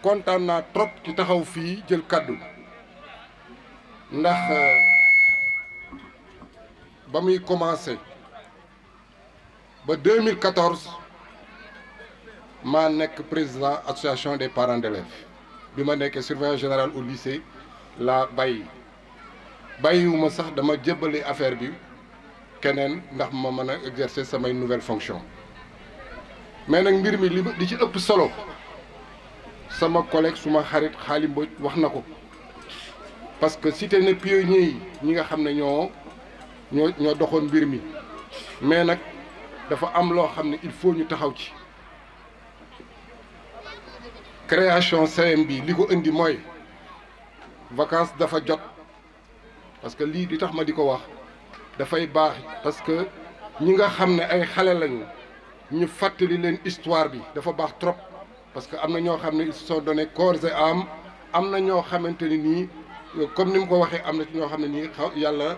kontaan naa trop ci taxaw fii jël kàddu ndax euh, ba muy commencé ba 2014 maa nekk président association des parents d'élèves bi ma surveillant général au lycée Bayi bàyyi bàyyiwuma sax dama jébbali affaire bi kenen ndax ma meuna exercer samay nouvelle fonction mais nak mbir mi li li ci ëpp solo sama collègue suma xarit Xaali Mbodj wax na parce que cité ne pionnier yi ñi nga xamné ñoo ñoo ñoo doxoon mbir mi mais nag dafa am loo xam ne il faut ñu taxaw ci création CM bi li ko indi mooy vacances dafa jot parce que lii di tax ma di ko wax dafay baax parce que ñi nga xam ne ay xale lañu ñu fàttali leen histoire bi dafa baax trop parce que am na ñoo xam ne ils se sont donnés corps et âme am na ñoo xamante ni nii comme ni mu ko waxee am na ci ñoo xam ne nii xaw yàlla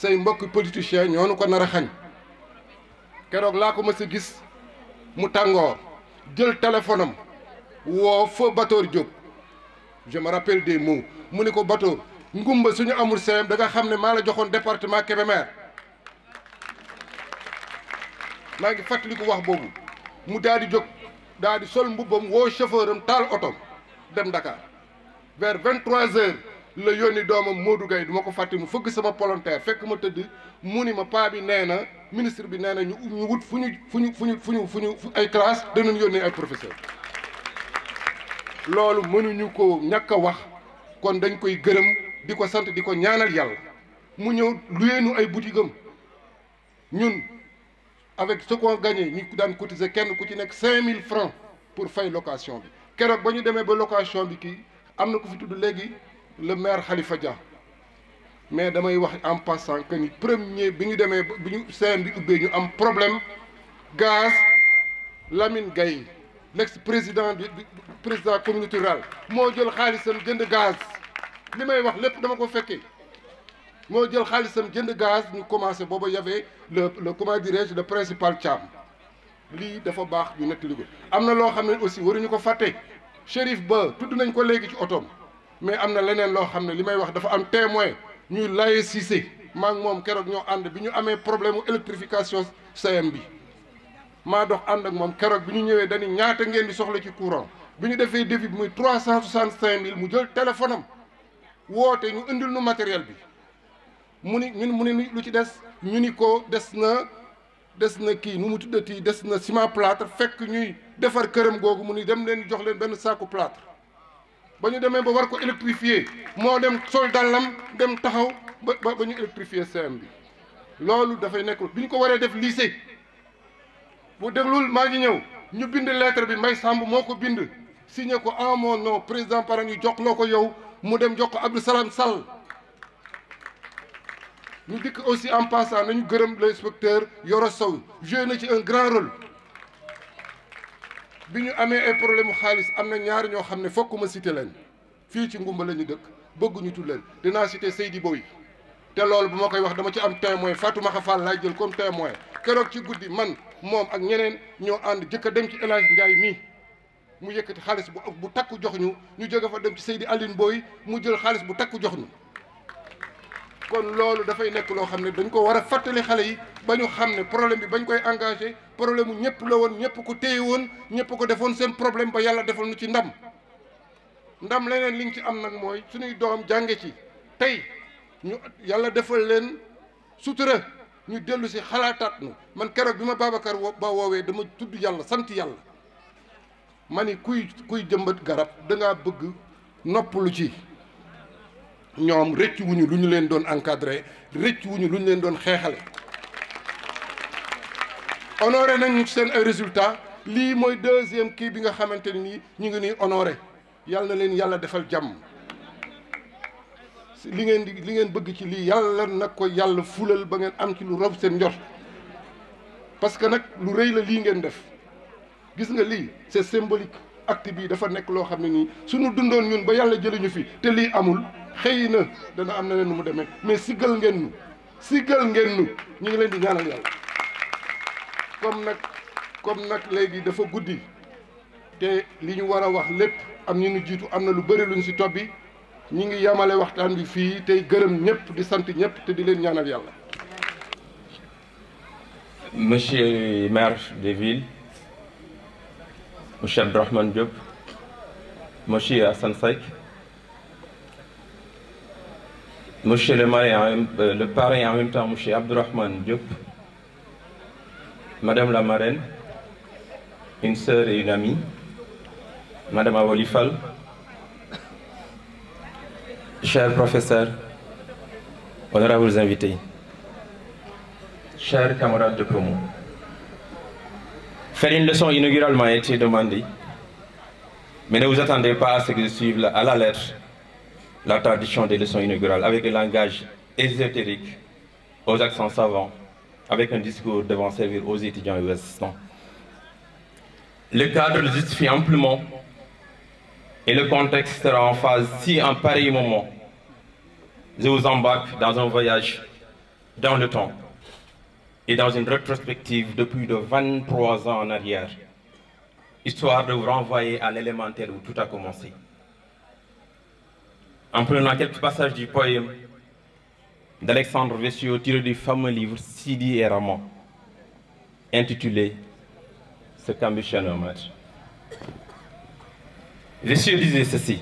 say mbokk politiciens ñoo nu ko nar a xañ keroog laa ko ma a gis mu tàngoor jël téléphone am woo fa Batoor Diop je me rappelle des mots mu ni ko Batoor ngumba suñu amul seem da nga xam ne maa la joxoon département Kébémer maa ngi fàttaliku wax boobu mu daal di jóg daal sol mbubbom woo chauffeur am taal otom dem Dakar vers la yoni domam Modou gay du ma ko fàtte sama volontaire fekk ma teud mu ni ma paa bi neena ministre bi neena ñu ñu wut fuñu fuñu fuñu fuñu fu ñu fu ñu fu ñu ay ay professeur loolu mënuñu ko ñaka wax kon dañ koy gëreum diko sante diko ñaanal yàlla mu ñëw luyeenu ay boutique ñun avec ce qu'on gagné ñi ko daan cotiser kenn ku ci nek 5000 francs pour fay location bi keroog bañu démé ba location bi ki amna ko fi tuddu légui le maire Khalifa Dia mais vais dire en passant que le premier problème gaz Lamine Gaye l'ex président du président communauté rurale jël xaalisam le gaz may wax dama ko jël gaz y avait le le comment dirais le principal Cham, lii dafa baax le nettali ko am aussi waruñu ko est mais amna leneen lo xamne limay wax dafa am témoin ñuy laye Cissé maa mom kérok ño and ànd bi ñu amee problème électrification CM bi ma dox and ak mom kérok bi ñu ñëwee dañu ñaata ngeen di soxla ci courant bi ñu defee devis bi muy trois mu jël téléphone am woote ñu indil nu matériel bi mu ñun mu lu ci dess ñu ni ko dess na dess na ki nu mu tuddati dess na ciment plâtre fekk ñuy défar kërëm googu mu ni dem leen jox leen ben saaku plâtre bañu démé ba war ko électrifier mo dem sol dàllam dem taxaw ba ba électrifier CEM bi lolou da fay nek ñu ko waré def lycée bu déglul ma ngi ñew ñu bind lettre bi may Samb moko bind signé ko en mon nom président parent ñu jox loko ko yow mu dem jox ko Abdou Salam Sall ñu dik aussi en passant nañu gërëm l'inspecteur Yoro saw Jeune ci un grand rôle bi ñu amee ay problème xaalis am na ñaar ñoo xam ne fokk ma cité leen fii ci ngumba la ñu dëkk bëgguñu leen dinaa cité Seydi Boy te loolu bu ma koy wax dama ci am témoin Fatou Maxa Fall laay jël comme témoin keroog ci guddi man moom ak ñeneen ñoo ànd jëkk a dem ci El Hadj Ndiaye mii mu yëkkati xaalis bu bu takku jox ñu ñu jóge fa dem ci Seydi Aline Boy mu jël xaalis bu takku jox ñu kon loolu dafay nekk loo xam ne dañ ko war a fàttali xale yi ba ñu xam ne problème bi bañ koy engagé problème mu ñëpp la woon ñëpp ko téye woon ñëpp ko defoon seen problème ba yàlla defal nu ci ndam ndam leneen li ñu ci am nag mooy suñuy doom jànge ci tey ñu yàlla defal leen sutura ñu dellu si xalaataat nu man keroog bi ma Babacar ba woowee dama tudd yàlla sant yàlla ma ni kuy kuy jëmbat garab dangaa bëgg noppalu ci ñoom rëcc wuñu lu ñu leen doon encadré rëcc wuñu lu ñu leen doon xeexale honoré nañ seen ay résultat lii mooy deuxième kii bi nga xamante ni ñu ngi nuy onoore yàlla na leen yàlla defal jàmm li ngeen di li ngeen bëgg ci lii yàlla nag ko yàlla fulal ba ngeen am ci lu rob seen njort parce que nag lu rëy la lii ngeen def gis nga lii c'est symbolique acte bii dafa nekk loo xam ne nii suñu dundoon ñun ba yàlla jëliñu fi te lii amul xëy na dana am na leen nu mu demee mais siggal ngeen nu siggal ngeen nu ñu ngi leen di ñaanal yàlla comme nag comme nag léegi dafa guddi te li ñu war a wax lépp am ñu nu jiitu am na lu bëri luñ ci tobbi ñi ngi yamale waxtaan bi fii tey gërëm ñëpp di sant ñëpp te di leen ñaanal yàlla. Monsieur le maire de ville, monsieur Abdourahmane Diop, monsieur Hassan Saïk, monsieur le maire, euh, le pareil en même temps, monsieur Abdourahmane Diop. Madame la marraine, une sœur et une amie, Madame Awolifal, chers professeurs, honorables invités, chers camarades de promo, faire une leçon inaugurale m'a été demandé, mais ne vous attendez pas à ce que je suive à la lettre la tradition des leçons inaugurales avec le langage ésotérique aux accents savants avec un discours devant servir aux étudiants et aux assistants. Le cadre le justifie amplement et le contexte sera en phase si en pareil moment je vous embarque dans un voyage dans le temps et dans une rétrospective de plus de 23 ans en arrière, histoire de vous renvoyer à l'élémentaire où tout a commencé. En prenant quelques passages du poème d'Alexandre au tiré du fameux livre Sidi et Ramon, intitulé Ce qu'ambitionne un match". disait ceci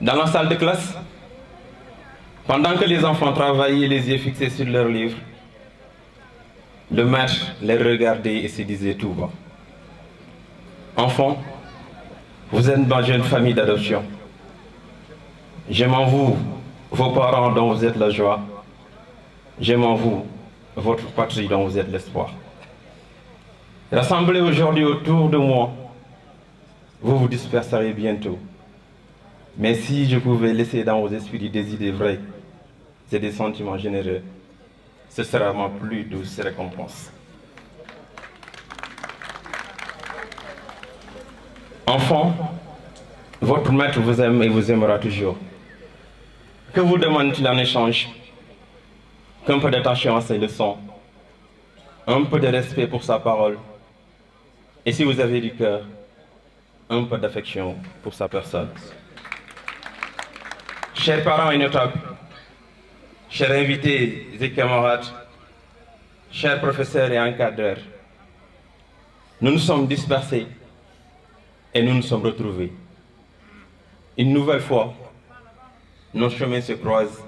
Dans la salle de classe, pendant que les enfants travaillaient les yeux fixés sur leur livres, le maître les regardait et se disait tout bas Enfant, vous êtes dans une famille d'adoption. Je en vous vos parents dont vous êtes la joie. J'aime en vous votre patrie dont vous êtes l'espoir. Rassemblés aujourd'hui autour de moi, vous vous disperserez bientôt. Mais si je pouvais laisser dans vos esprits des idées vraies et des sentiments généreux, ce sera ma plus douce récompense. Enfant, votre maître vous aime et vous aimera toujours. Que vous demande-t-il en échange Qu'un peu d'attention à ses leçons, un peu de respect pour sa parole, et si vous avez du cœur, un peu d'affection pour sa personne. Chers parents et notables, chers invités et camarades, chers professeurs et encadreurs, nous nous sommes dispersés et nous nous sommes retrouvés. Une nouvelle fois, nos chemins se croisent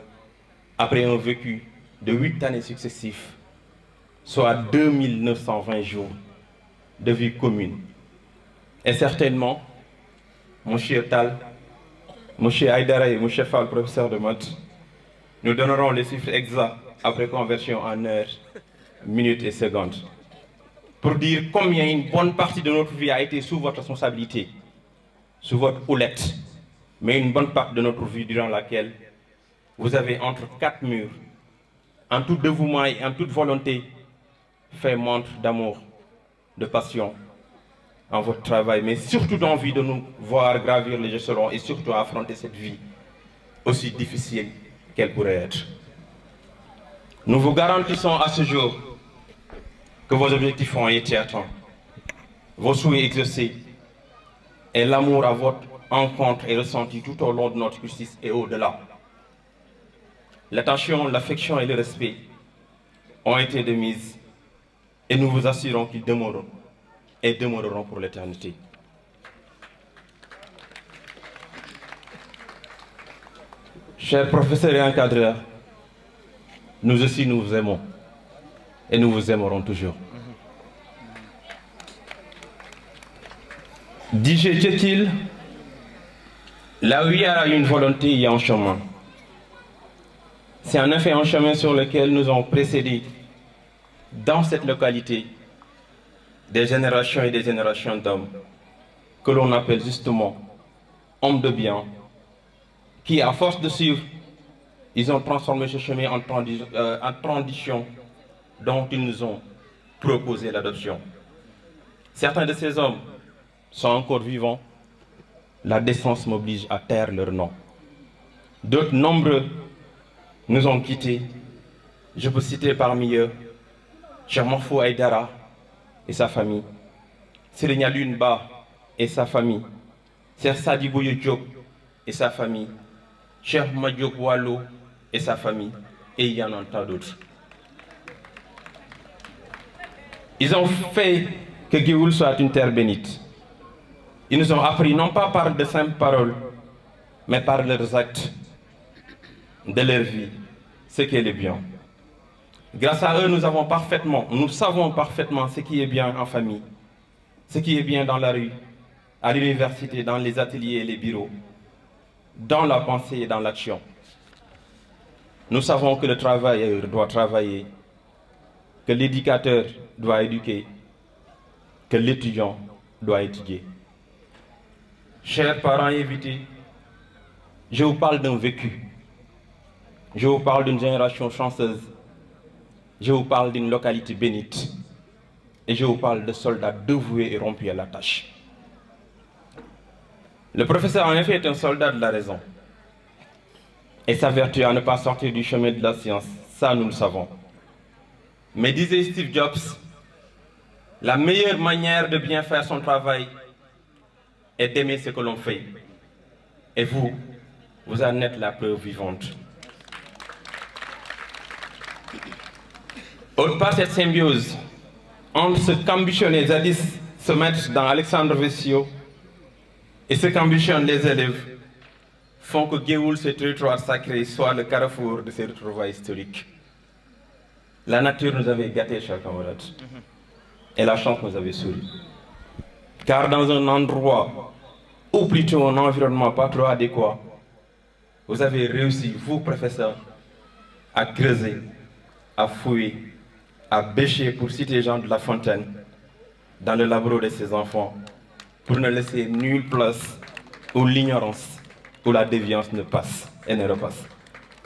après un vécu de huit années successives, soit 2920 jours de vie commune. Et certainement, cher Tal, cher Aïdara et cher Fal, professeur de maths, nous donnerons les chiffres exacts après conversion en heures, minutes et secondes. Pour dire combien une bonne partie de notre vie a été sous votre responsabilité, sous votre houlette, mais une bonne part de notre vie durant laquelle vous avez entre quatre murs, en tout dévouement et en toute volonté, fait montre d'amour, de passion en votre travail, mais surtout d'envie de nous voir gravir les échelons et surtout affronter cette vie aussi difficile qu'elle pourrait être. Nous vous garantissons à ce jour que vos objectifs ont été atteints, vos souhaits exaucés et l'amour à votre rencontre et ressenti tout au long de notre justice et au-delà. L'attention, l'affection et le respect ont été de et nous vous assurons qu'ils demeureront et demeureront pour l'éternité. Chers professeurs et encadreurs, nous aussi nous vous aimons et nous vous aimerons toujours. Dijé il la où a une volonté, et un chemin. C'est en effet un chemin sur lequel nous avons précédé, dans cette localité, des générations et des générations d'hommes que l'on appelle justement hommes de bien, qui, à force de suivre, ils ont transformé ce chemin en, euh, en transition dont ils nous ont proposé l'adoption. Certains de ces hommes sont encore vivants, la décence m'oblige à taire leur nom. D'autres nombreux nous ont quittés. Je peux citer parmi eux Chermanfo Aydara et sa famille, Serenia Lunba et sa famille, Cher Sadi Diop et sa famille, Cher Madiok Walo et sa famille, et il y en a tant d'autres. Ils ont fait que Géoul soit une terre bénite. Ils nous ont appris non pas par de simples paroles, mais par leurs actes, de leur vie, ce qui est le bien. Grâce à eux, nous avons parfaitement, nous savons parfaitement ce qui est bien en famille, ce qui est bien dans la rue, à l'université, dans les ateliers et les bureaux, dans la pensée et dans l'action. Nous savons que le travailleur doit travailler, que l'éducateur doit éduquer, que l'étudiant doit étudier chers parents invités, je vous parle d'un vécu. Je vous parle d'une génération chanceuse. Je vous parle d'une localité bénite. Et je vous parle de soldats dévoués et rompus à la tâche. Le professeur, en effet, est un soldat de la raison. Et sa vertu à ne pas sortir du chemin de la science, ça nous le savons. Mais disait Steve Jobs, la meilleure manière de bien faire son travail, et d'aimer ce que l'on fait. Et vous, vous en êtes la preuve vivante. On part cette symbiose entre ce les Zadis se mettre dans Alexandre Vessio et ce qu'ambitionnent les élèves font que Géoul, ce territoire sacré, soit le carrefour de ces retrouvailles historiques. La nature nous avait gâtés, chers camarades, et la chance nous avait souri. Car dans un endroit, ou plutôt un environnement pas trop adéquat, vous avez réussi, vous, professeurs, à creuser, à fouiller, à bêcher, pour citer gens de La Fontaine, dans le labo de ses enfants, pour ne laisser nulle place où l'ignorance ou la déviance ne passe et ne repasse.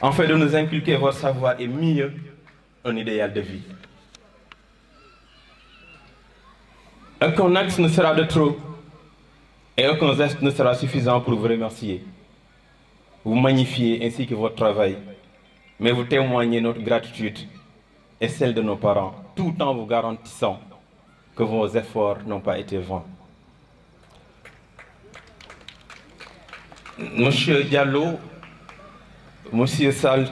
En fait, de nous inculquer votre savoir et mieux un idéal de vie. Aucun acte ne sera de trop et aucun geste ne sera suffisant pour vous remercier. Vous magnifier ainsi que votre travail, mais vous témoignez notre gratitude et celle de nos parents, tout en vous garantissant que vos efforts n'ont pas été vains. Monsieur Diallo, Monsieur Sall,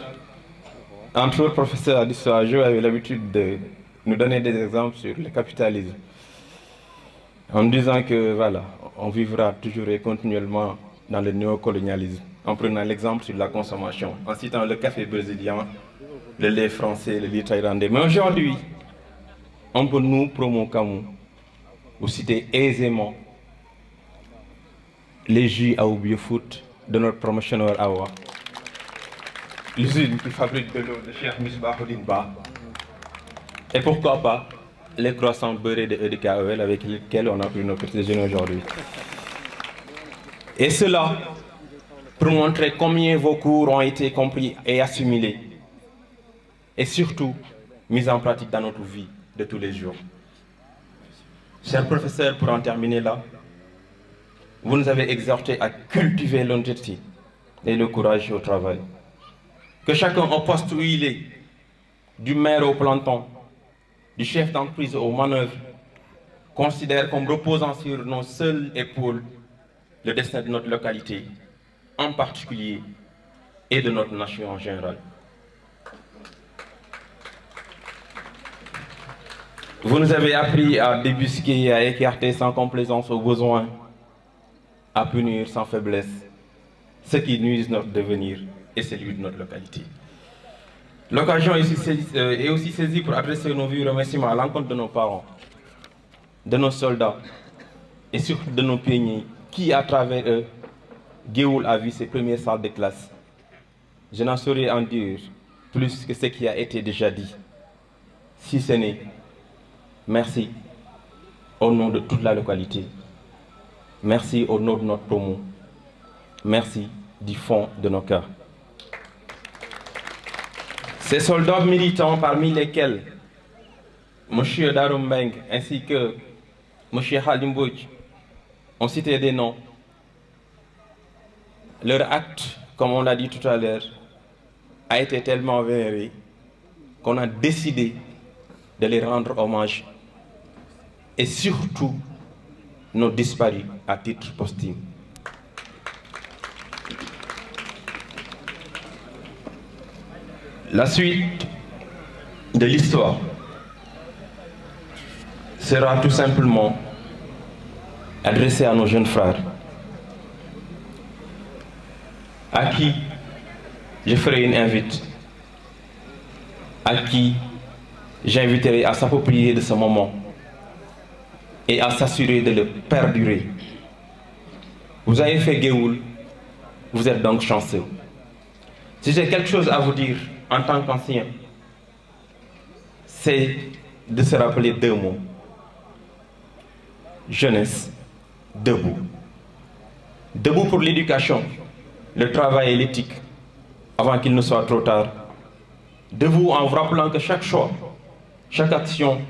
entre autres professeurs d'histoire, j'ai eu l'habitude de nous donner des exemples sur le capitalisme en disant que voilà, on vivra toujours et continuellement dans le néocolonialisme, en prenant l'exemple sur la consommation, en citant le café brésilien, le lait français, le lait thaïlandais. Mais aujourd'hui, on peut nous, promouvoir ou vous citer aisément les jus à Foot de notre promotionneur Awa, l'usine qui fabrique de de Et pourquoi pas les croissants beurrés de EDKEL avec lesquels on a pris nos petits aujourd'hui. Et cela pour montrer combien vos cours ont été compris et assimilés, et surtout mis en pratique dans notre vie de tous les jours. Cher professeur, pour en terminer là, vous nous avez exhortés à cultiver l'honnêteté et le courage au travail. Que chacun en poste où il est, du maire au planton, du chef d'entreprise aux manœuvres considère comme reposant sur nos seules épaules le destin de notre localité en particulier et de notre nation en général. Vous nous avez appris à débusquer, à écarter sans complaisance aux besoins, à punir sans faiblesse ce qui nuise notre devenir et celui de notre localité. L'occasion euh, est aussi saisie pour adresser nos vieux remerciements à l'encontre de nos parents, de nos soldats et surtout de nos pionniers qui, à travers eux, Géoul a vu ses premières salles de classe. Je n'en saurais en dire plus que ce qui a été déjà dit. Si ce n'est, merci au nom de toute la localité. Merci au nom de notre promo. Merci du fond de nos cœurs. Ces soldats militants, parmi lesquels M. Darumbeng ainsi que M. Halimbouj ont cité des noms, leur acte, comme on l'a dit tout à l'heure, a été tellement vénéré qu'on a décidé de les rendre hommage et surtout nos disparus à titre posthume. La suite de l'histoire sera tout simplement adressée à nos jeunes frères, à qui je ferai une invite, à qui j'inviterai à s'approprier de ce moment et à s'assurer de le perdurer. Vous avez fait Géoul, vous êtes donc chanceux. Si j'ai quelque chose à vous dire en tant qu'ancien, c'est de se rappeler deux mots. Jeunesse, debout. Debout pour l'éducation, le travail et l'éthique, avant qu'il ne soit trop tard. Debout en vous rappelant que chaque choix, chaque action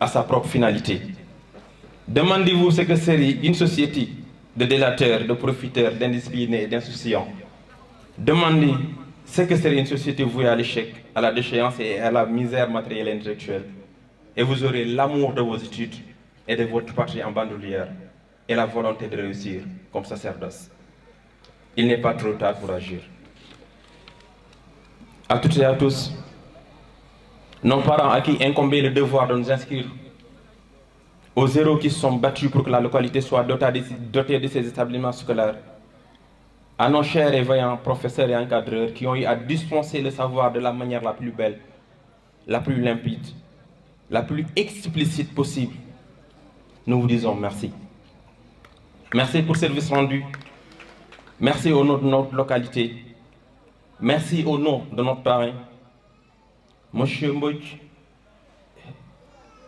a sa propre finalité. Demandez-vous ce que serait une société de délateurs, de profiteurs, d'indisciplinés, d'insouciants. Demandez c'est que c'est une société vouée à l'échec, à la déchéance et à la misère matérielle et intellectuelle. Et vous aurez l'amour de vos études et de votre patrie en bandoulière et la volonté de réussir comme sacerdoce. Il n'est pas trop tard pour agir. À toutes et à tous, nos parents à qui incombait le devoir de nous inscrire, aux héros qui se sont battus pour que la localité soit dotée de ces établissements scolaires, à nos chers et vaillants professeurs et encadreurs qui ont eu à dispenser le savoir de la manière la plus belle, la plus limpide, la plus explicite possible. Nous vous disons merci. Merci pour le service rendu. Merci au nom de notre localité. Merci au nom de notre parrain, Monsieur Mbouch,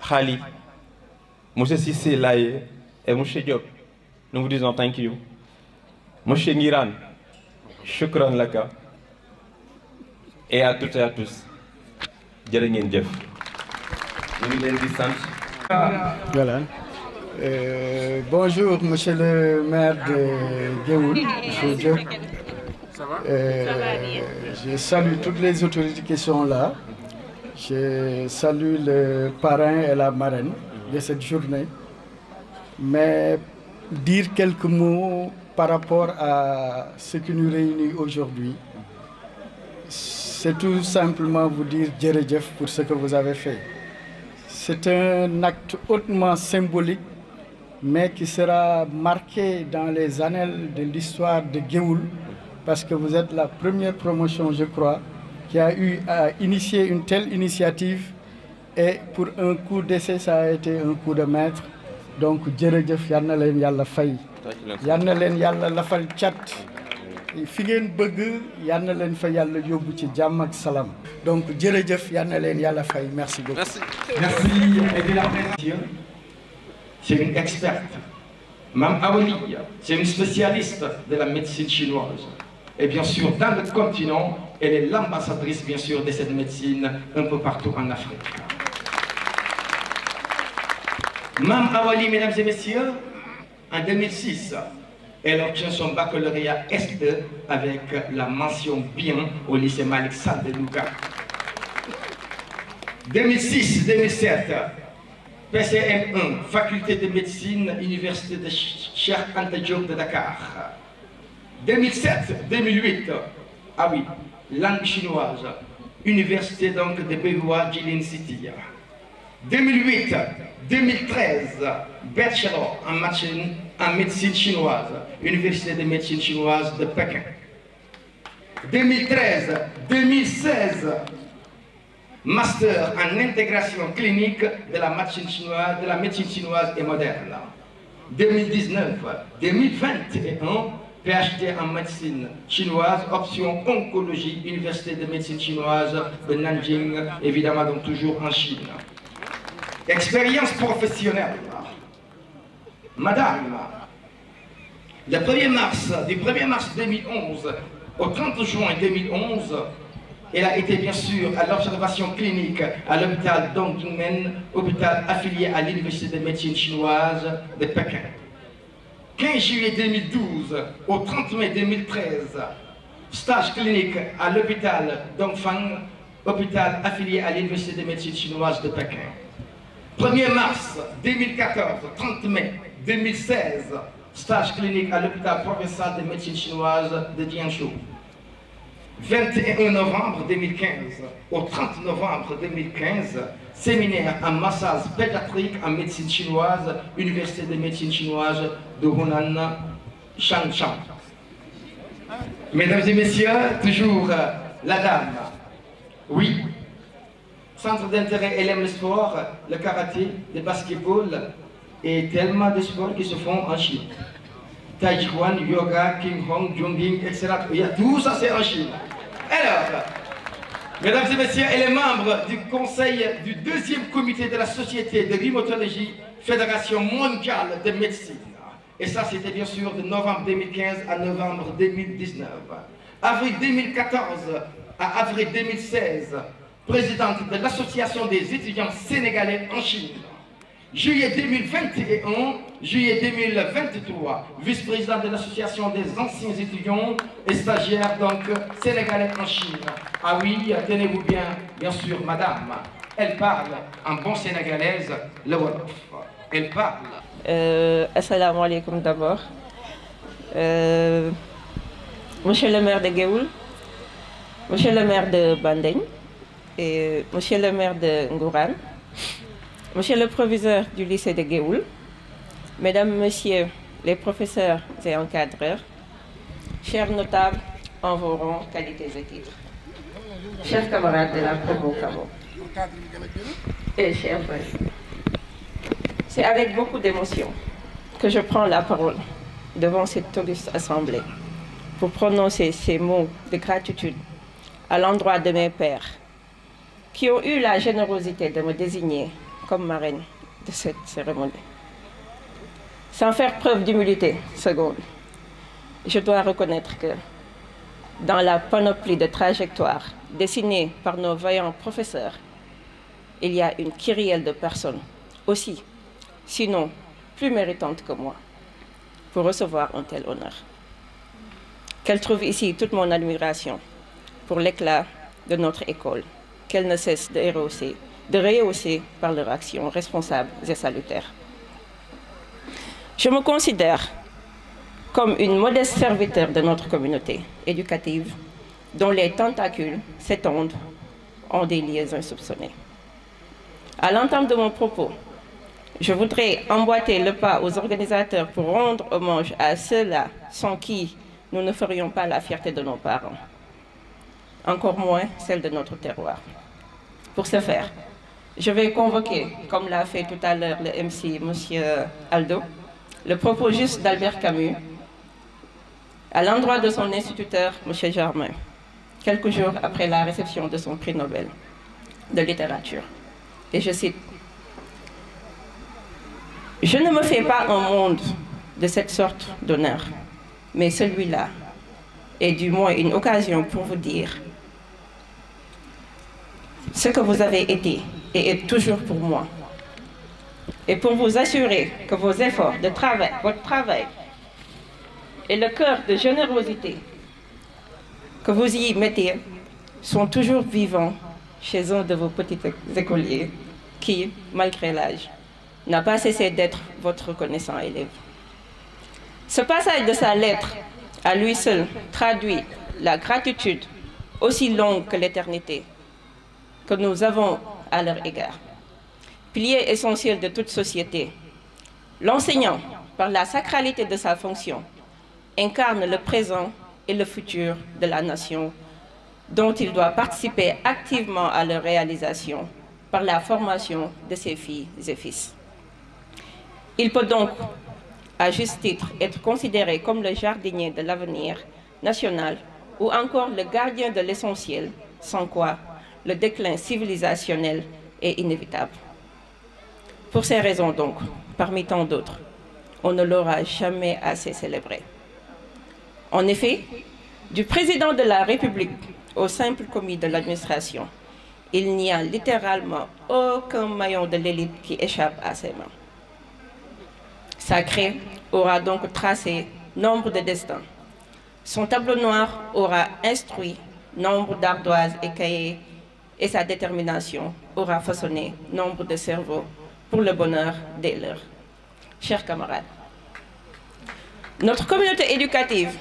Khali, Monsieur Sissé Laye et Monsieur Diop. Nous vous disons thank you. Monsieur Niran, Shukran Laka, et à toutes et à tous, jërë Jeff. Euh, bonjour, monsieur le maire de Géoul, monsieur va euh, je salue toutes les autorités qui sont là. Je salue le parrain et la marraine de cette journée. Mais dire quelques mots par rapport à ce qui nous réunit aujourd'hui, c'est tout simplement vous dire djerejef pour ce que vous avez fait. C'est un acte hautement symbolique, mais qui sera marqué dans les annales de l'histoire de Géoul, parce que vous êtes la première promotion, je crois, qui a eu à initier une telle initiative. Et pour un coup d'essai, ça a été un coup de maître. Donc, Djerejev Yarnalen Yalla Faye yalla na leen yàlla lafal chat fi ngeen bëgg yalla fa yalla ci ak donc jërëjëf yal na leen yalla fay merci beaucoup. merci merci. c'est une experte. Mam Awali, c'est une spécialiste de la médecine chinoise. Et bien sûr, dans le continent, elle est l'ambassadrice, bien sûr, de cette médecine un peu partout en Afrique. Mme Awali, mesdames et messieurs, en 2006, elle obtient son baccalauréat S2 avec la mention bien au lycée Malik de 2006-2007, PCM1, Faculté de médecine, Université de Cheikh Anta de Dakar. 2007-2008, ah oui, langue chinoise, Université donc de Begoua, Jilin City. 2008, 2013, bachelor en médecine, en médecine chinoise, Université de médecine chinoise de Pékin. 2013, 2016, master en intégration clinique de la médecine chinoise, de la médecine chinoise et moderne. 2019, 2021, PhD en médecine chinoise, option oncologie, Université de médecine chinoise de Nanjing, évidemment donc toujours en Chine. Expérience professionnelle. Madame, le 1er mars, du 1er mars 2011 au 30 juin 2011, elle a été bien sûr à l'observation clinique à l'hôpital Dongdongmen, hôpital affilié à l'Université de médecine chinoise de Pékin. 15 juillet 2012 au 30 mai 2013, stage clinique à l'hôpital Dongfang, hôpital affilié à l'Université de médecine chinoise de Pékin. 1er mars 2014, 30 mai 2016, stage clinique à l'hôpital provincial de médecine chinoise de Tianzhou. 21 novembre 2015 au 30 novembre 2015, séminaire en massage pédiatrique en médecine chinoise, Université de médecine chinoise de Hunan, Shangchang. Mesdames et messieurs, toujours euh, la dame. Oui, centre d'intérêt aime le sport, le karaté, le basketball et tellement de sports qui se font en Chine. Taïwan, yoga, King Hong, jumping, etc. Tout ça, c'est en Chine. Alors, mesdames et messieurs, et les membres du conseil du deuxième comité de la Société de rhumatologie, Fédération mondiale de médecine. Et ça, c'était bien sûr de novembre 2015 à novembre 2019. Avril 2014 à avril 2016, présidente de l'Association des étudiants sénégalais en Chine. Juillet 2021, juillet 2023, vice présidente de l'Association des anciens étudiants et stagiaires donc sénégalais en Chine. Ah oui, tenez-vous bien, bien sûr, madame. Elle parle en bon sénégalaise le Wolof. Elle parle. Euh, assalamu alaikum d'abord. Euh, monsieur le maire de Géoul, monsieur le maire de Bandeng, euh, monsieur le maire de Ngouran, monsieur le proviseur du lycée de Géoul, mesdames, messieurs les professeurs et encadreurs, chers notables en vos rangs, qualités et titres, chers camarades de la promo et chers c'est avec beaucoup d'émotion que je prends la parole devant cette auguste assemblée pour prononcer ces mots de gratitude à l'endroit de mes pères qui ont eu la générosité de me désigner comme marraine de cette cérémonie. Sans faire preuve d'humilité, seconde, je dois reconnaître que dans la panoplie de trajectoires dessinées par nos vaillants professeurs, il y a une kyrielle de personnes aussi, sinon plus méritantes que moi, pour recevoir un tel honneur. Qu'elle trouve ici toute mon admiration pour l'éclat de notre école qu'elle ne cessent de rehausser, de rehausser par leurs actions responsables et salutaires. Je me considère comme une modeste serviteur de notre communauté éducative dont les tentacules s'étendent en des liaisons insoupçonnés. À l'entente de mon propos, je voudrais emboîter le pas aux organisateurs pour rendre hommage à ceux-là sans qui nous ne ferions pas la fierté de nos parents, encore moins celle de notre terroir. Pour ce faire, je vais convoquer, comme l'a fait tout à l'heure le MC, Monsieur Aldo, le propos juste d'Albert Camus à l'endroit de son instituteur, M. Germain, quelques jours après la réception de son prix Nobel de littérature. Et je cite Je ne me fais pas un monde de cette sorte d'honneur, mais celui-là est du moins une occasion pour vous dire ce que vous avez été et est toujours pour moi. Et pour vous assurer que vos efforts de travail, votre travail et le cœur de générosité que vous y mettez sont toujours vivants chez un de vos petits écoliers qui, malgré l'âge, n'a pas cessé d'être votre reconnaissant élève. Ce passage de sa lettre, à lui seul, traduit la gratitude aussi longue que l'éternité que nous avons à leur égard. Pilier essentiel de toute société, l'enseignant, par la sacralité de sa fonction, incarne le présent et le futur de la nation, dont il doit participer activement à leur réalisation par la formation de ses filles et fils. Il peut donc, à juste titre, être considéré comme le jardinier de l'avenir national ou encore le gardien de l'essentiel, sans quoi le déclin civilisationnel est inévitable. Pour ces raisons donc, parmi tant d'autres, on ne l'aura jamais assez célébré. En effet, du président de la République au simple commis de l'administration, il n'y a littéralement aucun maillon de l'élite qui échappe à ses mains. Sacré aura donc tracé nombre de destins. Son tableau noir aura instruit nombre d'ardoises et cahiers et sa détermination aura façonné nombre de cerveaux pour le bonheur des leurs. Chers camarades, notre communauté éducative,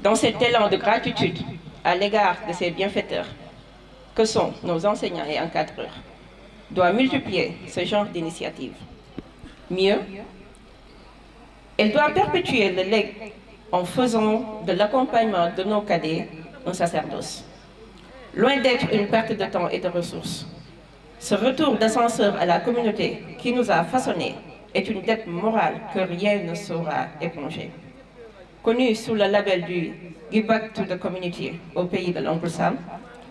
dans cet élan de gratitude à l'égard de ses bienfaiteurs, que sont nos enseignants et encadreurs, doit multiplier ce genre d'initiatives. Mieux, elle doit perpétuer le legs en faisant de l'accompagnement de nos cadets un sacerdoce loin d'être une perte de temps et de ressources. Ce retour d'ascenseur à la communauté qui nous a façonnés est une dette morale que rien ne saura éponger. Connu sous le label du Give Back to the Community au pays de l'Oncle Sam,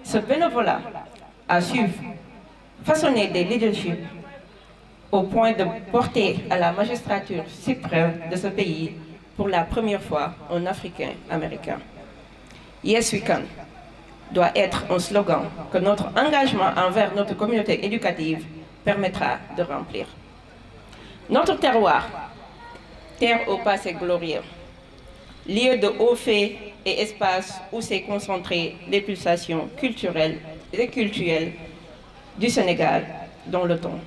ce bénévolat a su façonner des leaderships au point de porter à la magistrature suprême de ce pays pour la première fois un Africain américain. Yes, we can doit être un slogan que notre engagement envers notre communauté éducative permettra de remplir. Notre terroir, terre au passé glorieux, lieu de hauts faits et espace où s'est concentrée les pulsations culturelles et culturelles du Sénégal dans le temps,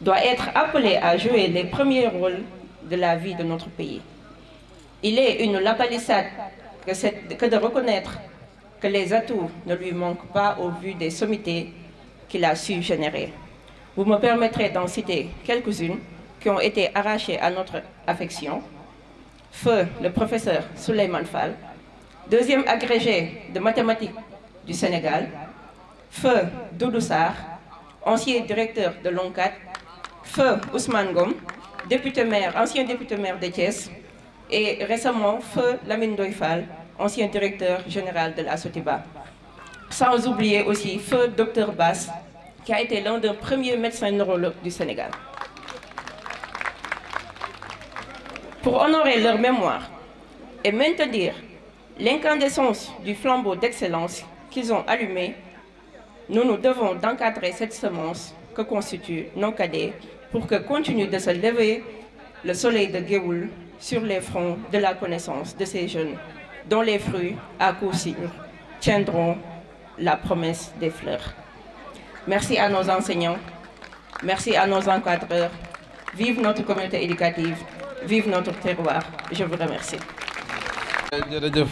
doit être appelé à jouer les premiers rôles de la vie de notre pays. Il est une lapalissade que, que de reconnaître les atouts ne lui manquent pas au vu des sommités qu'il a su générer. Vous me permettrez d'en citer quelques-unes qui ont été arrachées à notre affection. Feu, le professeur Souleyman Fall, deuxième agrégé de mathématiques du Sénégal. Feu, Doudou ancien directeur de l'ONCAT. Feu, Ousmane Gom, député maire, ancien député maire de Thiès. Et récemment, Feu Lamine Doyfal ancien directeur général de la SOTIBA. Sans oublier aussi feu Dr Bass, qui a été l'un des premiers médecins neurologues du Sénégal. Pour honorer leur mémoire et maintenir l'incandescence du flambeau d'excellence qu'ils ont allumé, nous nous devons d'encadrer cette semence que constituent nos cadets pour que continue de se lever le soleil de Géoul sur les fronts de la connaissance de ces jeunes dont les fruits, à coup tiendront la promesse des fleurs. Merci à nos enseignants, merci à nos encadreurs. Vive notre communauté éducative, vive notre terroir. Je vous remercie. Euh,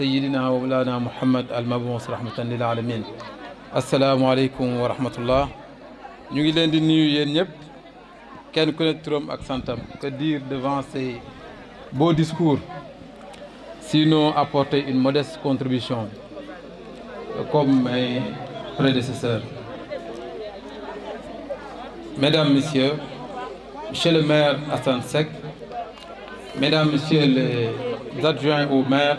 c'est wa mawlana muhammad al mabuus rahmatan lil alamin asalaamaaleykum wa rahmatullah ñu ngi leen di nuyu yéen ñëpp kenn ku que dire devant ces beaux discours sinon apporter une modeste contribution comme mes prédécesseurs mesdames messieurs monsieur le maire Assansek, mesdames messieurs les adjoints au maire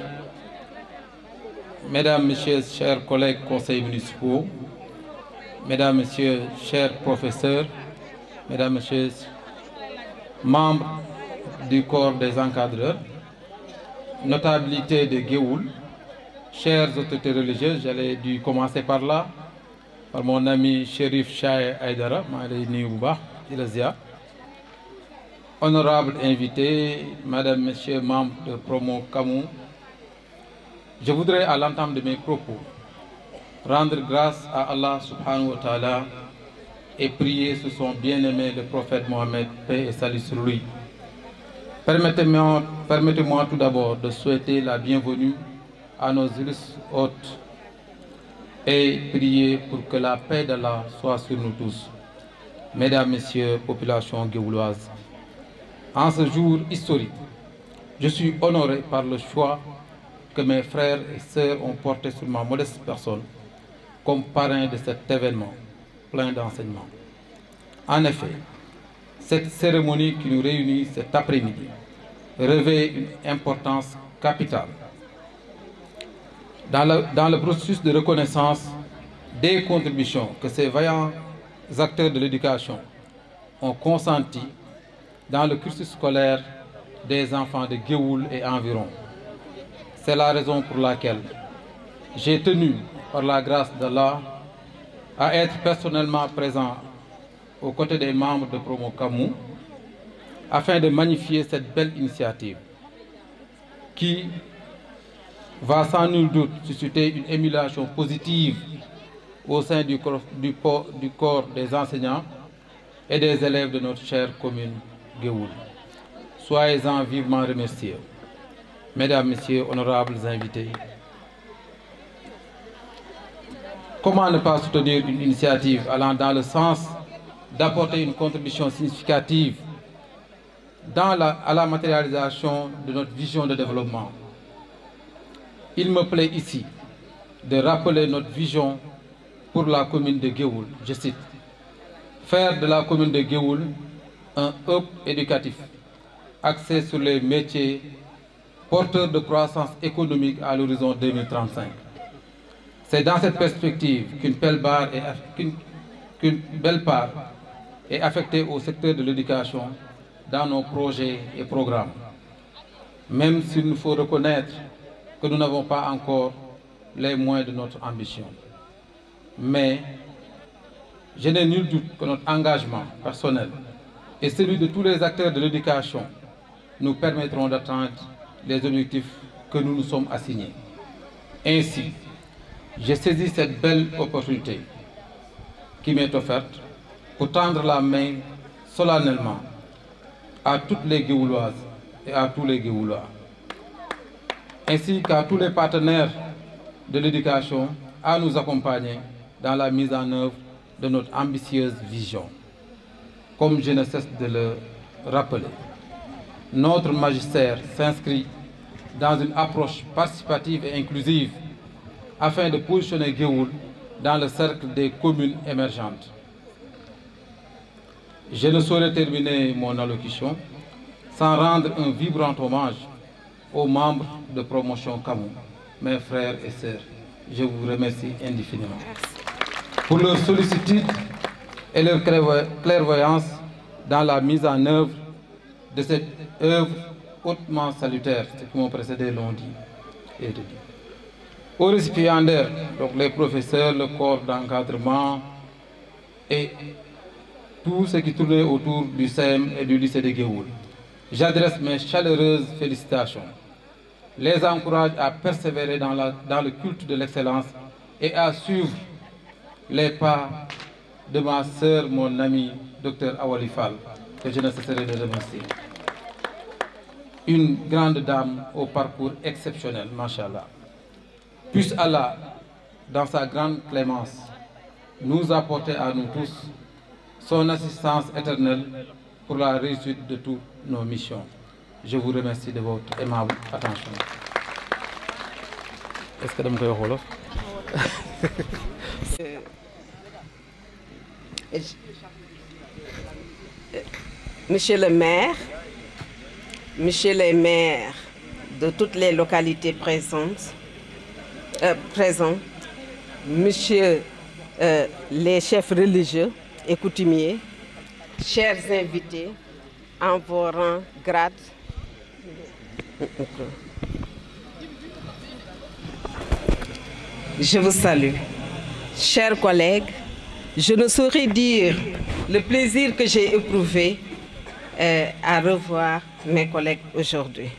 Mesdames, Messieurs, chers collègues conseils municipaux, Mesdames, Messieurs, chers professeurs, Mesdames, Messieurs, membres du corps des encadreurs, notabilité de Géoul, Chers autorités religieuses, j'allais dû commencer par là, par mon ami shérif Chaye Aydara, honorable invité, Madame, Messieurs, membres de Promo Camus, je voudrais, à l'entame de mes propos, rendre grâce à Allah subhanahu wa ta'ala et prier sur son bien-aimé, le prophète Mohammed, paix et salut sur lui. Permettez-moi tout d'abord de souhaiter la bienvenue à nos illustres hôtes et prier pour que la paix d'Allah soit sur nous tous. Mesdames, Messieurs, population guéouloise, en ce jour historique, je suis honoré par le choix que mes frères et sœurs ont porté sur ma modeste personne comme parrain de cet événement plein d'enseignements. En effet, cette cérémonie qui nous réunit cet après-midi revêt une importance capitale. Dans le, dans le processus de reconnaissance des contributions que ces vaillants acteurs de l'éducation ont consenties dans le cursus scolaire des enfants de Géoul et environ c'est la raison pour laquelle j'ai tenu, par la grâce d'Allah, à être personnellement présent aux côtés des membres de Promo Camou afin de magnifier cette belle initiative qui va sans nul doute susciter une émulation positive au sein du corps, du corps des enseignants et des élèves de notre chère commune Géoul. Soyez-en vivement remerciés. Mesdames, Messieurs, honorables invités, comment ne pas soutenir une initiative allant dans le sens d'apporter une contribution significative dans la, à la matérialisation de notre vision de développement Il me plaît ici de rappeler notre vision pour la commune de Géoul. Je cite Faire de la commune de Géoul un hub éducatif axé sur les métiers porteur de croissance économique à l'horizon 2035. C'est dans cette perspective qu'une belle, belle part est affectée au secteur de l'éducation dans nos projets et programmes. Même s'il nous faut reconnaître que nous n'avons pas encore les moyens de notre ambition. Mais je n'ai nul doute que notre engagement personnel et celui de tous les acteurs de l'éducation nous permettront d'atteindre les objectifs que nous nous sommes assignés. Ainsi, j'ai saisi cette belle opportunité qui m'est offerte pour tendre la main solennellement à toutes les Guéouloises et à tous les Guéoulois, ainsi qu'à tous les partenaires de l'éducation à nous accompagner dans la mise en œuvre de notre ambitieuse vision, comme je ne cesse de le rappeler notre magistère s'inscrit dans une approche participative et inclusive afin de positionner Géoul dans le cercle des communes émergentes. Je ne saurais terminer mon allocution sans rendre un vibrant hommage aux membres de Promotion Camou, mes frères et sœurs. Je vous remercie indéfiniment. Pour leur sollicitude et leur clairvoyance dans la mise en œuvre de cette œuvre hautement salutaire, ce qui m'ont précédé l'ont dit et de Aux récipiendaires, donc les professeurs, le corps d'encadrement et tout ce qui tournait autour du CEM et du lycée de Géoul, j'adresse mes chaleureuses félicitations. Les encourage à persévérer dans, le culte de l'excellence et à suivre les pas de ma sœur, mon ami, Awali Fall, que je ne cesserai de remercier une grande dame au parcours exceptionnel, machallah Puisse Allah, dans sa grande clémence, nous apporter à nous tous son assistance éternelle pour la réussite de toutes nos missions. Je vous remercie de votre aimable attention. Est-ce que (laughs) euh, euh, Monsieur le maire, monsieur le maire de toutes les localités présentes, euh, présents, monsieur euh, les chefs religieux et coutumiers, chers invités, en vos rangs, grades. Je vous salue. Chers collègues, je ne saurais dire le plaisir que j'ai éprouvé euh, à revoir mes collègues aujourd'hui.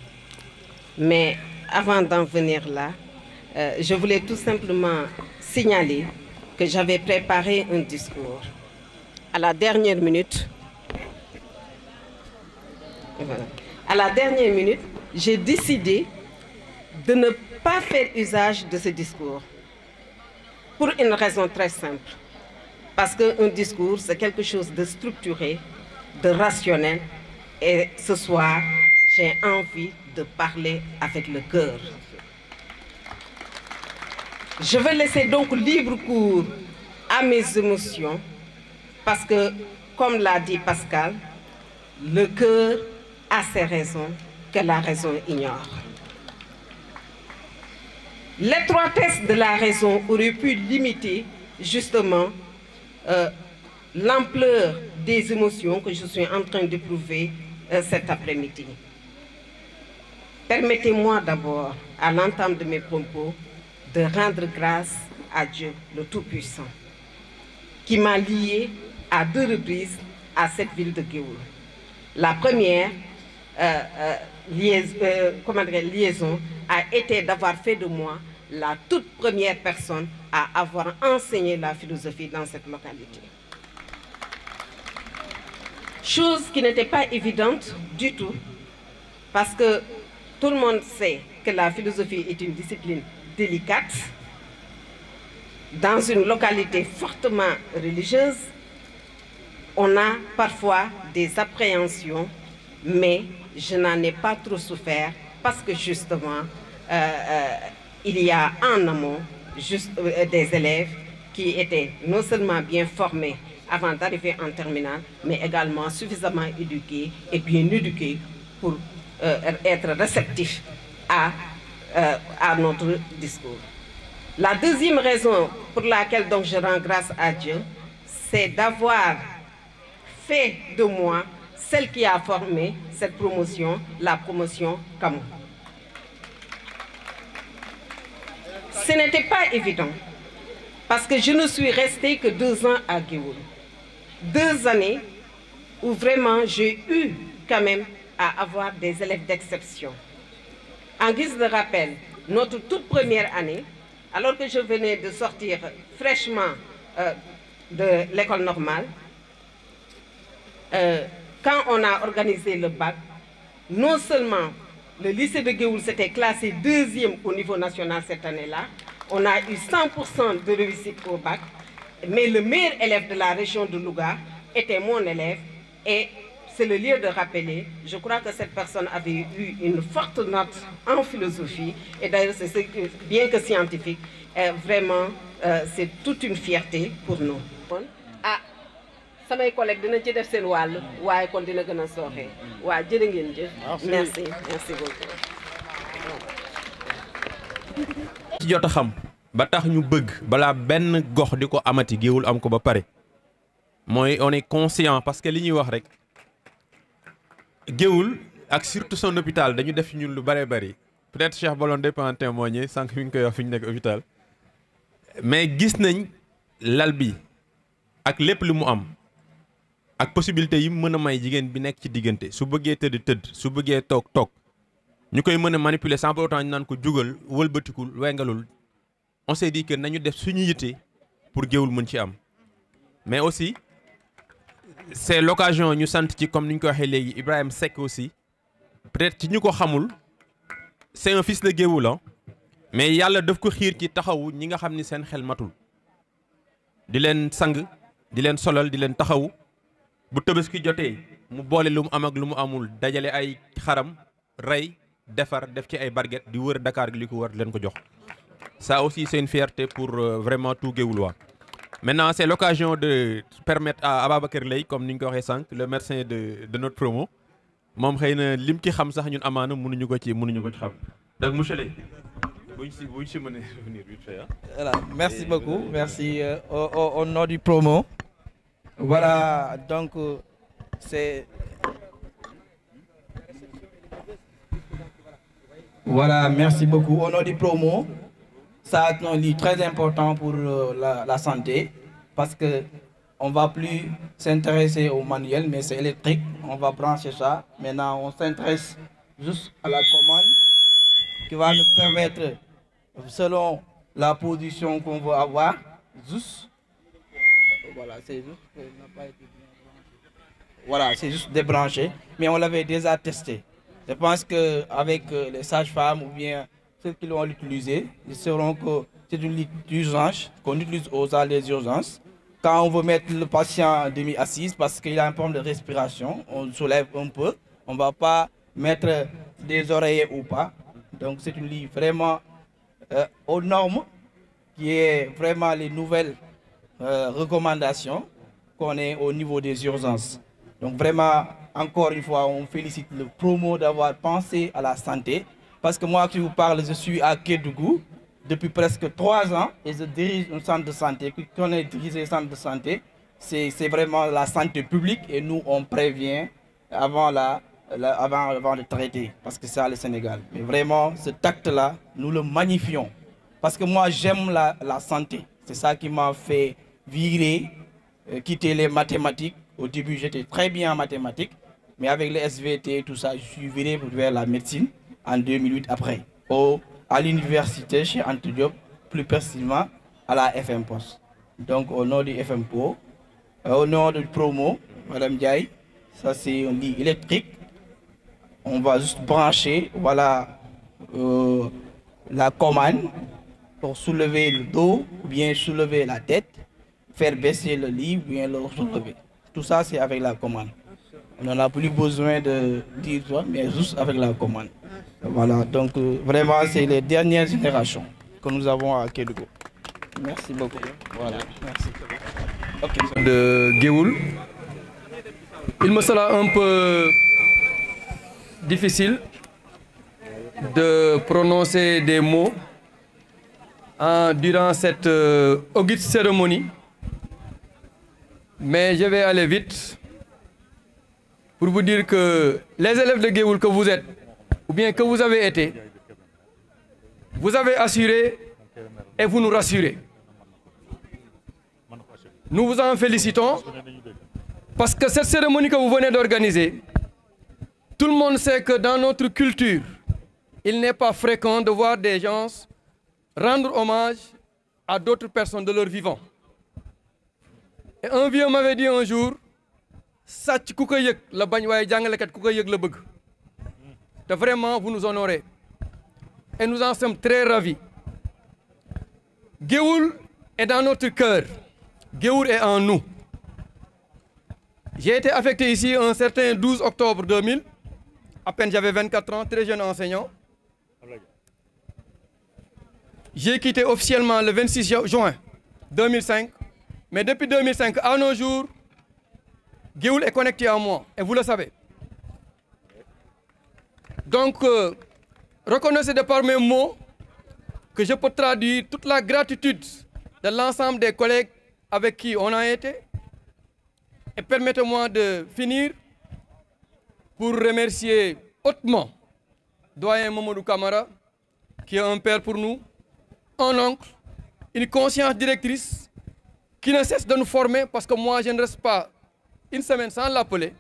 Mais avant d'en venir là, euh, je voulais tout simplement signaler que j'avais préparé un discours. À la dernière minute, à la dernière minute, j'ai décidé de ne pas faire usage de ce discours. Pour une raison très simple. Parce qu'un discours, c'est quelque chose de structuré, de rationnel. Et ce soir, j'ai envie de parler avec le cœur. Je vais laisser donc libre cours à mes émotions parce que, comme l'a dit Pascal, le cœur a ses raisons que la raison ignore. L'étroitesse de la raison aurait pu limiter justement euh, l'ampleur des émotions que je suis en train d'éprouver euh, cet après-midi. Permettez-moi d'abord, à l'entente de mes propos, de rendre grâce à Dieu le Tout-Puissant, qui m'a lié à deux reprises à cette ville de Géoul. La première euh, euh, liaison a été d'avoir fait de moi la toute première personne à avoir enseigné la philosophie dans cette localité. Chose qui n'était pas évidente du tout, parce que tout le monde sait que la philosophie est une discipline délicate, dans une localité fortement religieuse, on a parfois des appréhensions, mais je n'en ai pas trop souffert parce que justement, euh, euh, il y a en amont juste, euh, des élèves qui étaient non seulement bien formés, avant d'arriver en terminale, mais également suffisamment éduqué et bien éduqué pour euh, être réceptif à, euh, à notre discours. La deuxième raison pour laquelle donc je rends grâce à Dieu, c'est d'avoir fait de moi celle qui a formé cette promotion, la promotion Camou. Ce n'était pas évident, parce que je ne suis restée que deux ans à Géoul deux années où vraiment j'ai eu quand même à avoir des élèves d'exception. En guise de rappel, notre toute première année, alors que je venais de sortir fraîchement euh, de l'école normale, euh, quand on a organisé le bac, non seulement le lycée de Géoul s'était classé deuxième au niveau national cette année-là, on a eu 100% de réussite au bac, mais le meilleur élève de la région de Louga était mon élève et c'est le lieu de rappeler, je crois que cette personne avait eu une forte note en philosophie et d'ailleurs c'est bien que scientifique, euh, vraiment euh, c'est toute une fierté pour nous. ah collègues merci merci beaucoup ba tax ñu bëgg bala ben gox diko amati geewul am ko ba paré moy on est conscient parce que li ñuy wax rek geewul ak surtout son hôpital dañu def ñun lu bari bari peut-être Cheikh Bolon dépend en témoigner sànq mi ngi koy wax fi ñu hôpital mais gis nañ lal bi ak lepp lu mu am ak possibilité yi mëna may jigen bi nek ci digënté su bëggé teud teud su bëggé tok tok ñukoy mëna manipuler sans pour autant ñu naan ko jugal wëlbatikul wengalul on s'est dit que nañu def suñu yitte pour géewul mën ci am mais aussi c'est l'occasion ñu sant ci comme ni ñu ko Ibrahim Sek aussi peut-être ci ñu ko xamul c'est un fils de Géoul hein, mais il daf ko xiir ci taxawu ñi nga xam ni seen xel matul di sang di solal di leen butte bu Tabaski jotee mu boole lu mu am ak lu mu amul dajale ay xaram ray, defar def ci ay barget di wër Dakar li ko war ko jox ça aussi, c'est une fierté pour euh, vraiment tout Géoulois. Maintenant, c'est l'occasion de permettre à Ababa Ley, comme Ninko Sank, le médecin de, notre promo, lim donc monsieur Ley buñ hein. voilà merci beaucoup merci euh, au, au, nom du promo voilà donc euh, c'est voilà merci beaucoup au nom du promo ça a un très important pour euh, la, santé parce que on va plus s'intéresser au manuel, mais c'est électrique. On va brancher ça. Maintenant, on s'intéresse juste à la commande qui va nous permettre, selon la position qu'on veut avoir, juste. Voilà, c'est juste Voilà, c'est juste débranché. Mais on l'avait déjà testé. Je pense qu'avec euh, les sages-femmes ou bien ceux qui l'ont utilisé, ils sauront que c'est une lit d'urgence qu'on utilise aux allées d'urgence. Quand on veut mettre le patient demi-assise parce qu'il a un problème de respiration, on soulève un peu. On ne va pas mettre des oreillers ou pas. Donc c'est une lit vraiment euh, aux normes qui est vraiment les nouvelles euh, recommandations qu'on est au niveau des urgences. Donc vraiment, encore une fois, on félicite le promo d'avoir pensé à la santé parce que moi qui vous parle, je suis à Kédougou depuis presque trois ans et je dirige un centre de santé. Quand on dirige un centre de santé, c'est vraiment la santé publique et nous, on prévient avant, la, avant, de traiter, parce que c'est à le Sénégal. Mais vraiment, ce tact là nous le magnifions. Parce que moi, j'aime la, santé. C'est ça qui m'a fait virer, euh, quitter les mathématiques. Au début, j'étais très bien en mathématiques, mais avec les SVT et tout ça, je suis viré vers la médecine en 2008 après, au, à l'université chez Ante plus précisément à la FM Post. Donc au nom du FM Post, euh, au nom du promo, Madame Diaye, ça c'est on dit électrique. On va juste brancher, voilà, euh, la commande pour soulever le dos ou bien soulever la tête, faire baisser le lit ou bien le soulever. Tout ça, c'est avec la commande. On n'en a plus besoin de dire, mais juste avec la commande. Voilà, donc euh, vraiment, c'est les dernières générations que nous avons à Kédougou. Merci beaucoup. Voilà, merci. De Géoul. Il me sera un peu difficile de prononcer des mots durant cette euh, auguste cérémonie, mais je vais aller vite pour vous dire que les élèves de Géoul que vous êtes, bien que vous avez été, vous avez assuré et vous nous rassurez. Nous vous en félicitons parce que cette cérémonie que vous venez d'organiser, tout le monde sait que dans notre culture, il n'est pas fréquent de voir des gens rendre hommage à d'autres personnes de leur vivant. Et un vieux m'avait dit un jour, ça tu la de vraiment, vous nous honorer. Et nous en sommes très ravis. Géoul est dans notre cœur. Géoul est en nous. J'ai été affecté ici un certain 12 octobre 2000. À peine j'avais 24 ans, très jeune enseignant. J'ai quitté officiellement le 26 juin 2005. Mais depuis 2005 à nos jours, Géoul est connecté à moi. Et vous le savez. Donc, euh, reconnaissez de par mes mots que je peux traduire toute la gratitude de l'ensemble des collègues avec qui on a été. Et permettez-moi de finir pour remercier hautement Doyen Momodou Kamara, qui est un père pour nous, un oncle, une conscience directrice qui ne cesse de nous former parce que moi, je ne reste pas une semaine sans l'appeler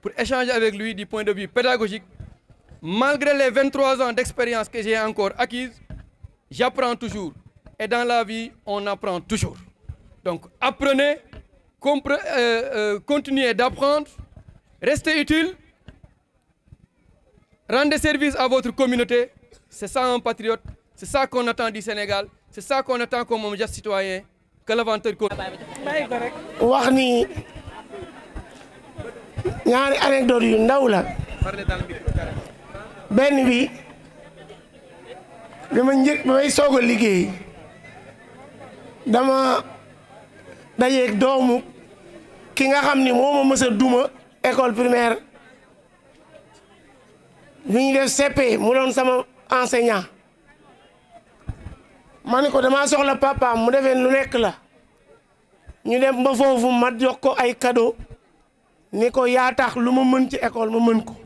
pour échanger avec lui du point de vue pédagogique, Malgré les 23 ans d'expérience que j'ai encore acquises, j'apprends toujours. Et dans la vie, on apprend toujours. Donc apprenez, euh, euh, continuez d'apprendre, restez utile, rendez service à votre communauté. C'est ça un patriote, c'est ça qu'on attend du Sénégal, c'est ça qu'on attend comme un citoyen. Que ben bi dama njëkk ba may soog a liggéey dama dajeeg doomu ki nga xamni ni mësa duma école primaire bi ñu def CP mu doon sama enseignant ma ne ko damaa soxla papa mu defee lu nekk la ñu dem ba fofu mat jox ko ay cadeau niko ya tax luma mën ci école ma mën ko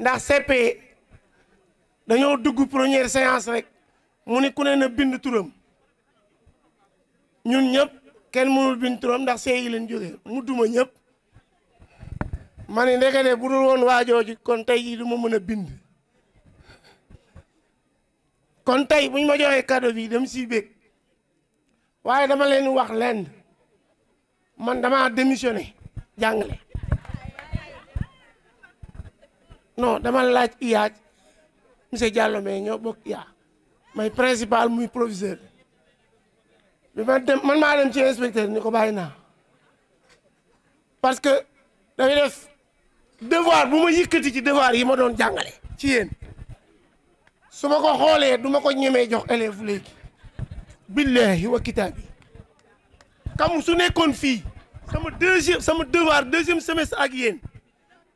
ndax CPE dañoo dugg première séance rek mu ni ku ne na bind turam ñun ñëpp kenn mënul bind turam ndax see yi leen jógee mu duma ñëpp ma ni ndekete bu dul woon waajooju kon tey jii du ma mën a bind kon tey buñ ma joxee cadeau bi dem siy bég waaye dama leen wax lenn man dama démissionné jàngale non dama Je IAAC monsieur mais ñoo bokk principal muy proviseur je suis man Je inspecteur ni ko le parce que suis le devoir vous ma yëkkati ci devoir yi je doon je ci yéen Je suis ko je du ko suis jox élève suis billahi wa kitaab kam su sama deuxième devoir deuxième semestre à là,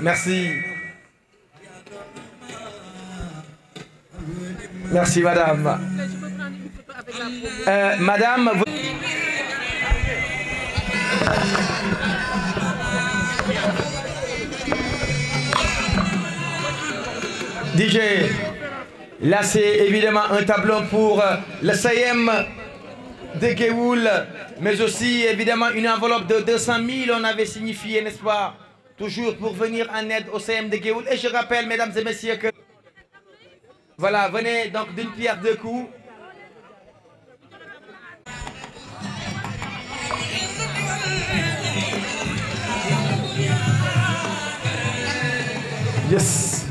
Merci. Merci, madame. Euh, madame, vous... DJ, là c'est évidemment un tableau pour euh, le CM de Géoul, mais aussi évidemment une enveloppe de 200 000, on avait signifié, n'est-ce pas toujours pour venir en aide au CM de Géoul. Et je rappelle, mesdames et messieurs, que... Voilà, venez donc d'une pierre deux coups. Yes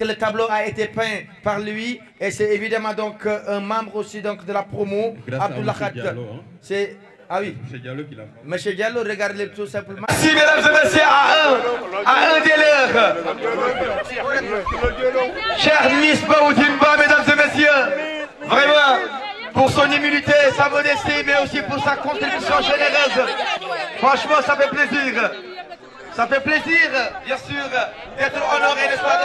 Le tableau a été peint par lui et c'est évidemment donc euh, un membre aussi donc de la promo, Abdullah hein. C'est ah oui. M. Diallo qui l'a Monsieur Diallo, regardez tout simplement. Merci, mesdames et messieurs, à un, à un des leurs. Cher Miss Baoudimba, mesdames et messieurs, vraiment, pour son immunité, sa modestie, mais aussi pour sa contribution généreuse. Franchement, ça fait plaisir. Ça fait plaisir, bien sûr, d'être honoré de soi.